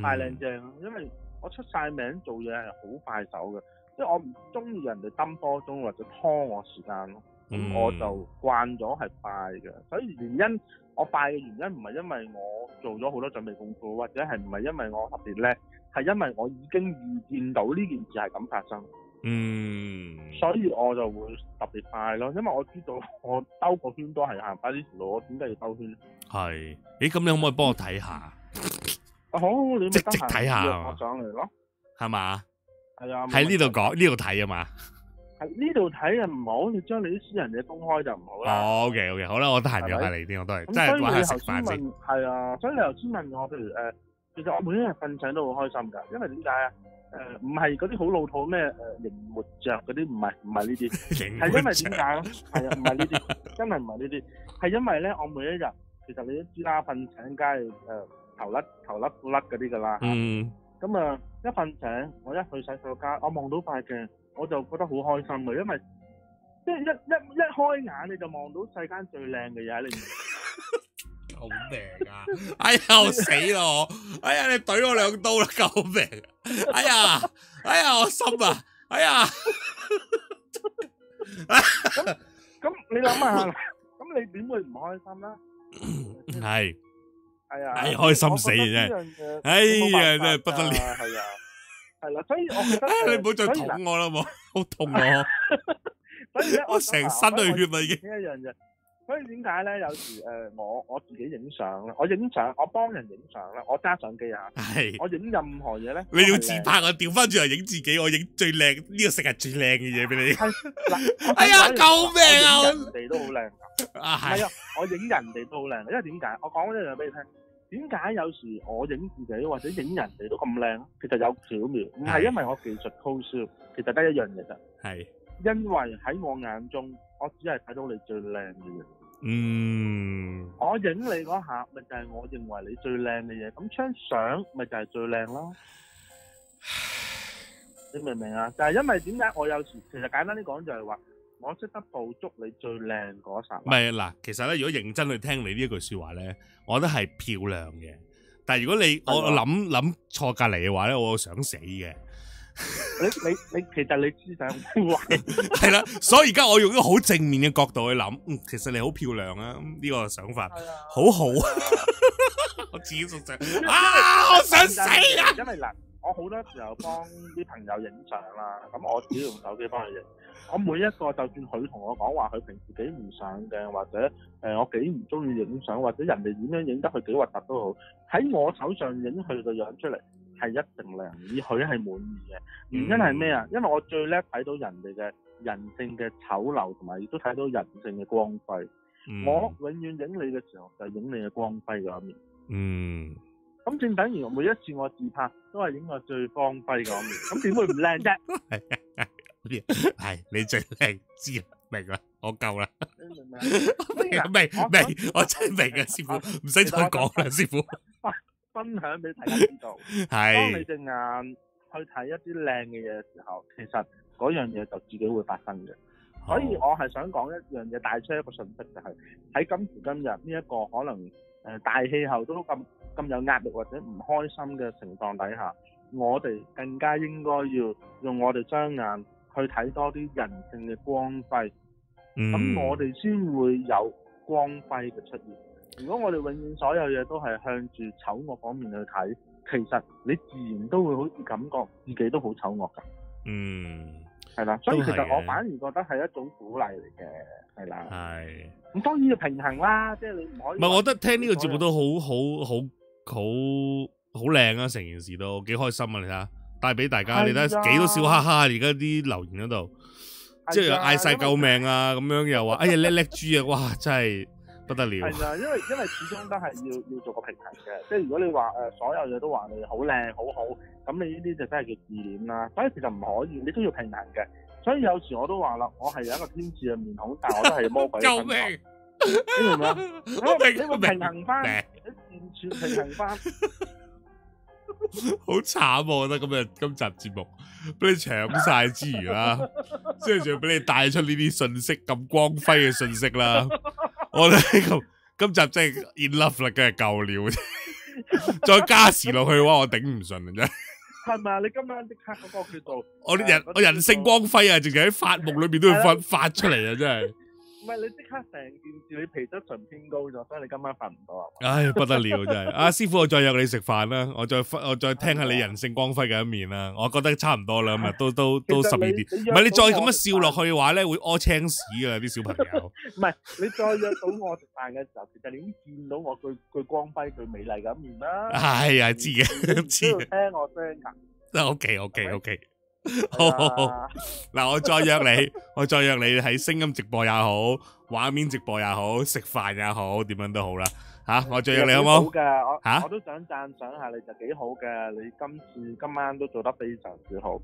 快靚
正。因為我出晒名做嘢係好快手嘅，即係我唔中意人哋等多鍾或者拖我時間咯。我就慣咗係快嘅，所以原因我快嘅原因唔係因為我做咗好多準備功夫，或者係唔係因為我特別叻，係因為我已經預見到呢件事係咁發生。嗯，
所
以我就會特別快咯，因為我知道我兜個圈都係行翻呢條路，我點解要兜圈？
係，你、欸、咁你可唔可以幫我睇下？
啊好，好，你即即睇下，我上嚟咯，係嘛？係啊。喺呢度講，
呢度睇啊嘛。
呢度睇嘅唔好，要將你啲私人嘢公開就唔
好啦。哦，OK OK，好啦，我得閒又問你啲，我都係真係玩下食飯啫。
係啊，所以你頭先問我，譬如誒，其實我每一日瞓醒都好開心㗎，因為點解啊？誒，唔係嗰啲好老土咩？誒，仍活著嗰啲，唔係唔係呢啲，係因為點解咧？係啊，唔係呢啲，真係唔係呢啲，係因為咧，我每一日其實你都知啦，瞓醒梗係誒頭甩頭甩骨甩嗰啲㗎啦。嗯。咁啊，一瞓醒，我一去洗手間，我望到塊鏡。我就覺得好開心咯，因為即係一一一開眼，你就
望到世間最靚嘅嘢喺你面前，好靚啊！哎呀，我死咯！哎呀，你懟我兩刀啦，救命！哎呀，哎呀，我心啊！哎呀，
咁咁你諗下，咁你點會唔開心
啦？係係啊，開心死嘅啫！哎呀，真係不得了。
係啦，所以我你唔好再捅我啦，好好痛啊。所以咧，我成身都血啦已經。呢一樣啫。所以點解咧？有時誒，我我自己影相啦，我影相，我幫人影相啦，我揸相機啊，係我影任何嘢咧。你要自拍
啊？我調翻轉嚟影自己，我影最靚呢個成日最靚嘅嘢俾你。係嗱，
哎呀，救命啊！影人哋都好靚噶，係啊，我影人哋都好靚，因為點解？我講一樣俾你聽。點解有時我影自己或者影人哋都咁靚？其實有巧妙，唔係因為我技術高超，其實得一樣嘢啫。係因為喺我眼中，我只係睇到你最靚嘅嘢。嗯，我影你嗰下咪就係我認為你最靚嘅嘢，咁張相咪就係最靚咯。你明唔明啊？就係因為點解我有時其實簡單啲講就係話。我識得捕捉你最靚嗰
剎，唔係嗱，其實咧，如果認真去聽你呢一句説話咧，我覺得係漂亮嘅。但係如果你我諗諗嗎錯隔籬嘅話咧，我想死嘅。你
你你，其實你思想
壞係啦。所以而家我用一個好正面嘅角度去諗、嗯，其實你好漂亮啊！呢、呢個想法好的好。
的 [LAUGHS] 我自己想 [LAUGHS] 啊，為我想死啊！因為嗱，我好多時候幫啲朋友影相啦，咁我自己用手機幫佢影。 [LAUGHS] 我每一個，就算佢同我講話，佢平時幾唔上鏡，或者誒、呃、我幾唔中意影相，或者人哋點樣影，影得佢幾核突都好，喺我手上影佢個樣出嚟係一定靚，以佢係滿意嘅。
原因係咩啊？
因為我最叻睇到人哋嘅人性嘅醜陋，同埋亦都睇到人性嘅光輝。嗯、我永遠影你嘅時候就影、係、你嘅光輝嘅一面。嗯。咁正等於我每一次我自拍都係影我最光輝嘅一面，咁點會唔靚啫？ [LAUGHS]
係你最靚，知啊，明啦，我夠啦，明明我真係明啊，師傅唔使再講啦，師傅。
喂，分享俾大家知道，係當你隻眼去睇一啲靚嘅嘢嘅時候，其實嗰樣嘢就自己會發生嘅。所以，我係想講一樣嘢，帶出一個訊息，就係喺今時今日呢一個可能誒大氣候都咁咁有壓力或者唔開心嘅情況底下，我哋更加應該要用我哋雙眼。去睇多啲人性嘅光輝，
咁、嗯、我
哋先會有光輝嘅出現。如果我哋永遠所有嘢都係向住醜惡方面去睇，其實你自然都會好似感覺自己都好醜惡嘅。嗯，係啦。所以其實我反而覺得係一種鼓勵嚟嘅。係啦。係。咁當然要平衡啦，即係你唔可以。唔係，我覺得聽呢個節目
都好好好好好靚啊！成件事都幾開心啊！你睇帶俾大家，你睇幾多笑哈哈，而家啲留言嗰度，
即係又嗌晒
救命啊咁樣，又話哎呀叻叻豬啊，哇真係不得了。係
啊，因為因為始終都係要要做個平衡嘅，即係如果你話誒所有嘢都話你好靚好好，咁你呢啲就真係叫自戀啦，所以其實唔可以，你都要平衡嘅。所以有時我都話啦，我係有一個天使嘅面孔，但係我都係魔鬼嘅心。救命！你明唔明？咁我哋要平衡翻，完全平衡翻。 [LAUGHS] 好
慘，我覺得今日今集節目俾你搶晒之餘啦，之後仲要俾你帶出呢啲信息咁光輝嘅信息啦，我咧今集真係 in love 啦，梗係夠了，再加時落去嘅話我頂唔順啊真係。
係咪你今晚即刻嗰個叫度？我啲人，這個、我人性光
輝啊，仲係喺發夢裏邊都要發發出嚟啊真係。的
唔係你即刻成件事，你皮質醇偏高咗，所以你今晚瞓
唔到係嘛？唉，不得了真係！阿、啊、師傅，我再約你食飯啦，我再我再聽下你人性光輝嘅一面啦，我覺得差唔多啦咁啊，都都都十二點。唔係你再咁樣笑落去嘅話咧，會屙青屎啊！啲小朋友。唔係 [LAUGHS] 你再約
到我食飯嘅時候， [LAUGHS] 其實你已經見到我最最光輝、最美麗嘅一面啦。係啊、哎，知
嘅，不知嘅。知聽我聲㗎。O K O K O K。
好、 [LAUGHS] 啊、好好，嗱我， [LAUGHS] 我再約你，
我再約你喺聲音直播也好，畫面直播也好，食飯也好，點樣都好啦，吓、啊、我再約你好冇？好嘅嗎，我吓我都
想讚賞下你就幾好嘅，你今次今晚都做得非常之好。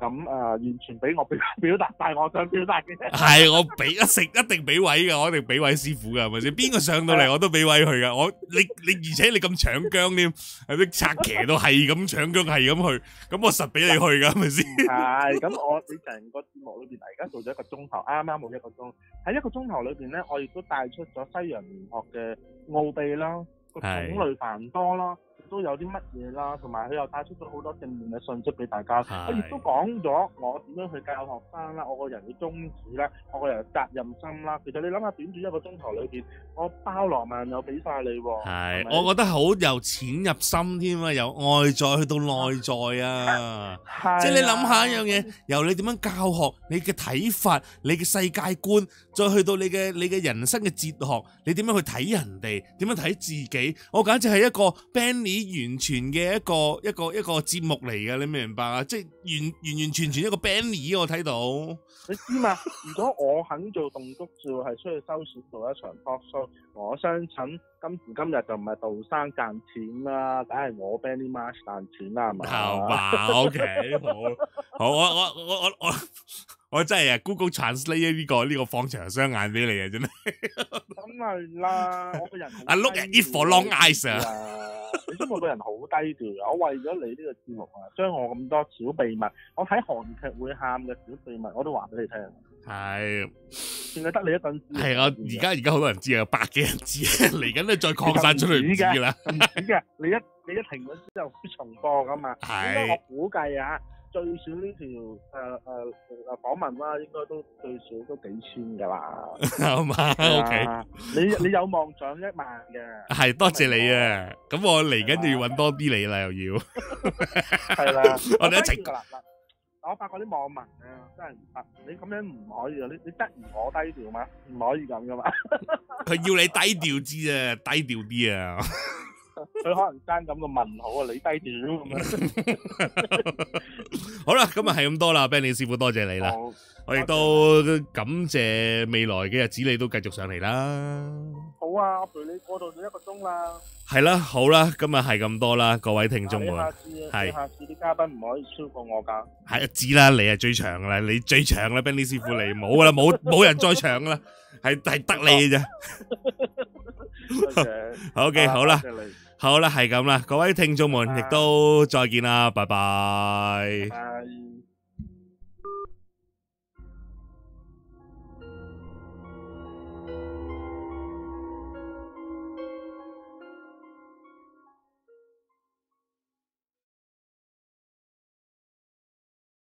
咁誒，完全俾我表表達，但係我想表達嘅。係，我
俾一食一定俾位嘅，我一定俾位師傅嘅，係咪先？邊個上到嚟我都俾位佢嘅，我你你而且你咁搶姜添，啲策騎都係咁搶姜，係咁去，咁我實俾你去嘅，係咪先？係，
咁我成個節目裏邊，而家做咗一個鐘頭，啱啱冇一個鐘，喺一個鐘頭裏邊咧，我亦都帶出咗西洋玄學嘅奧秘啦，個種類繁多啦。都有啲乜嘢啦，同埋佢又帶出咗好多正面嘅信息俾大家。我亦都講咗我點樣去教學生啦，我個人嘅宗旨啦，我個人嘅責任心啦。其實你諗下，短短一個鐘頭裏邊，我包羅萬有俾曬你喎。係，我覺得
好由淺入深添啊，由外在去到內在啊。係，即係你諗下一樣嘢，由你點樣教學，你嘅睇法，你嘅世界觀，再去到你嘅你嘅人生嘅哲學，你點樣去睇人哋，點樣睇自己。我簡直係一個 Benny。完全嘅一個一個一個節目嚟嘅，你明唔明白啊？即係完完完全全一個 Benny，我睇到。
你知嘛？ [LAUGHS] 如果我肯做棟篤笑，係、就是、出去收錢做一場 talk show，我相信今時今日就唔係杜生賺錢啦，梗係我 Benny Mark 賺錢啦，係咪？好吧 [LAUGHS] ，OK，好，好，我我我我我。我我 [LAUGHS]
我真係啊，Google Translate 呢個呢個放長雙眼俾你啊，真係。咁
係啦，我個人低調。阿 Look at it for Long Eyes 啊。你知我個人好低調啊！ [LAUGHS] 我為咗你呢個節目啊，將我咁多小秘密，我睇韓劇會喊嘅小秘密，我都話俾你聽。
係是，
淨係得你一份。係啊，而家
而家好多人知啊，百幾人知，嚟緊咧再擴散出去唔止啦。
嘅， [LAUGHS] 你一你一停咗之後會重播噶嘛？係。我估計啊。是 [LAUGHS] 最少呢條誒誒誒訪問啦，應該都最少都幾千㗎啦。O K，你你有望上一萬㗎。
係，多謝你啊！咁我嚟緊就要揾多啲你啦，又要。係啦，我哋一齊。
我發覺啲網民啊，真係唔得。你咁樣唔可以啊！你你質疑我低調嗎？唔可以咁噶嘛。
佢要你低調啲啊！低調啲啊！
佢可能爭咁個問好啊，你低調咁樣！
好啦，今日係咁多啦，Benny 師傅多謝你啦，我亦都感謝未來嘅日子你都繼續上嚟啦。好
啊，我陪你過到咗一個鐘啦。
係啦，好啦，今日係咁多啦，各位聽眾啊，係。下次
啲嘉賓唔可以超過我噶。
係一知啦，你係最長噶啦，你最長啦，Benny 師傅你冇啦，冇冇人再長啦，係係得你嘅咋。
好嘅，
好啦。好啦，係咁啦，各位聽眾們，Bye. 亦都再見啦，拜拜。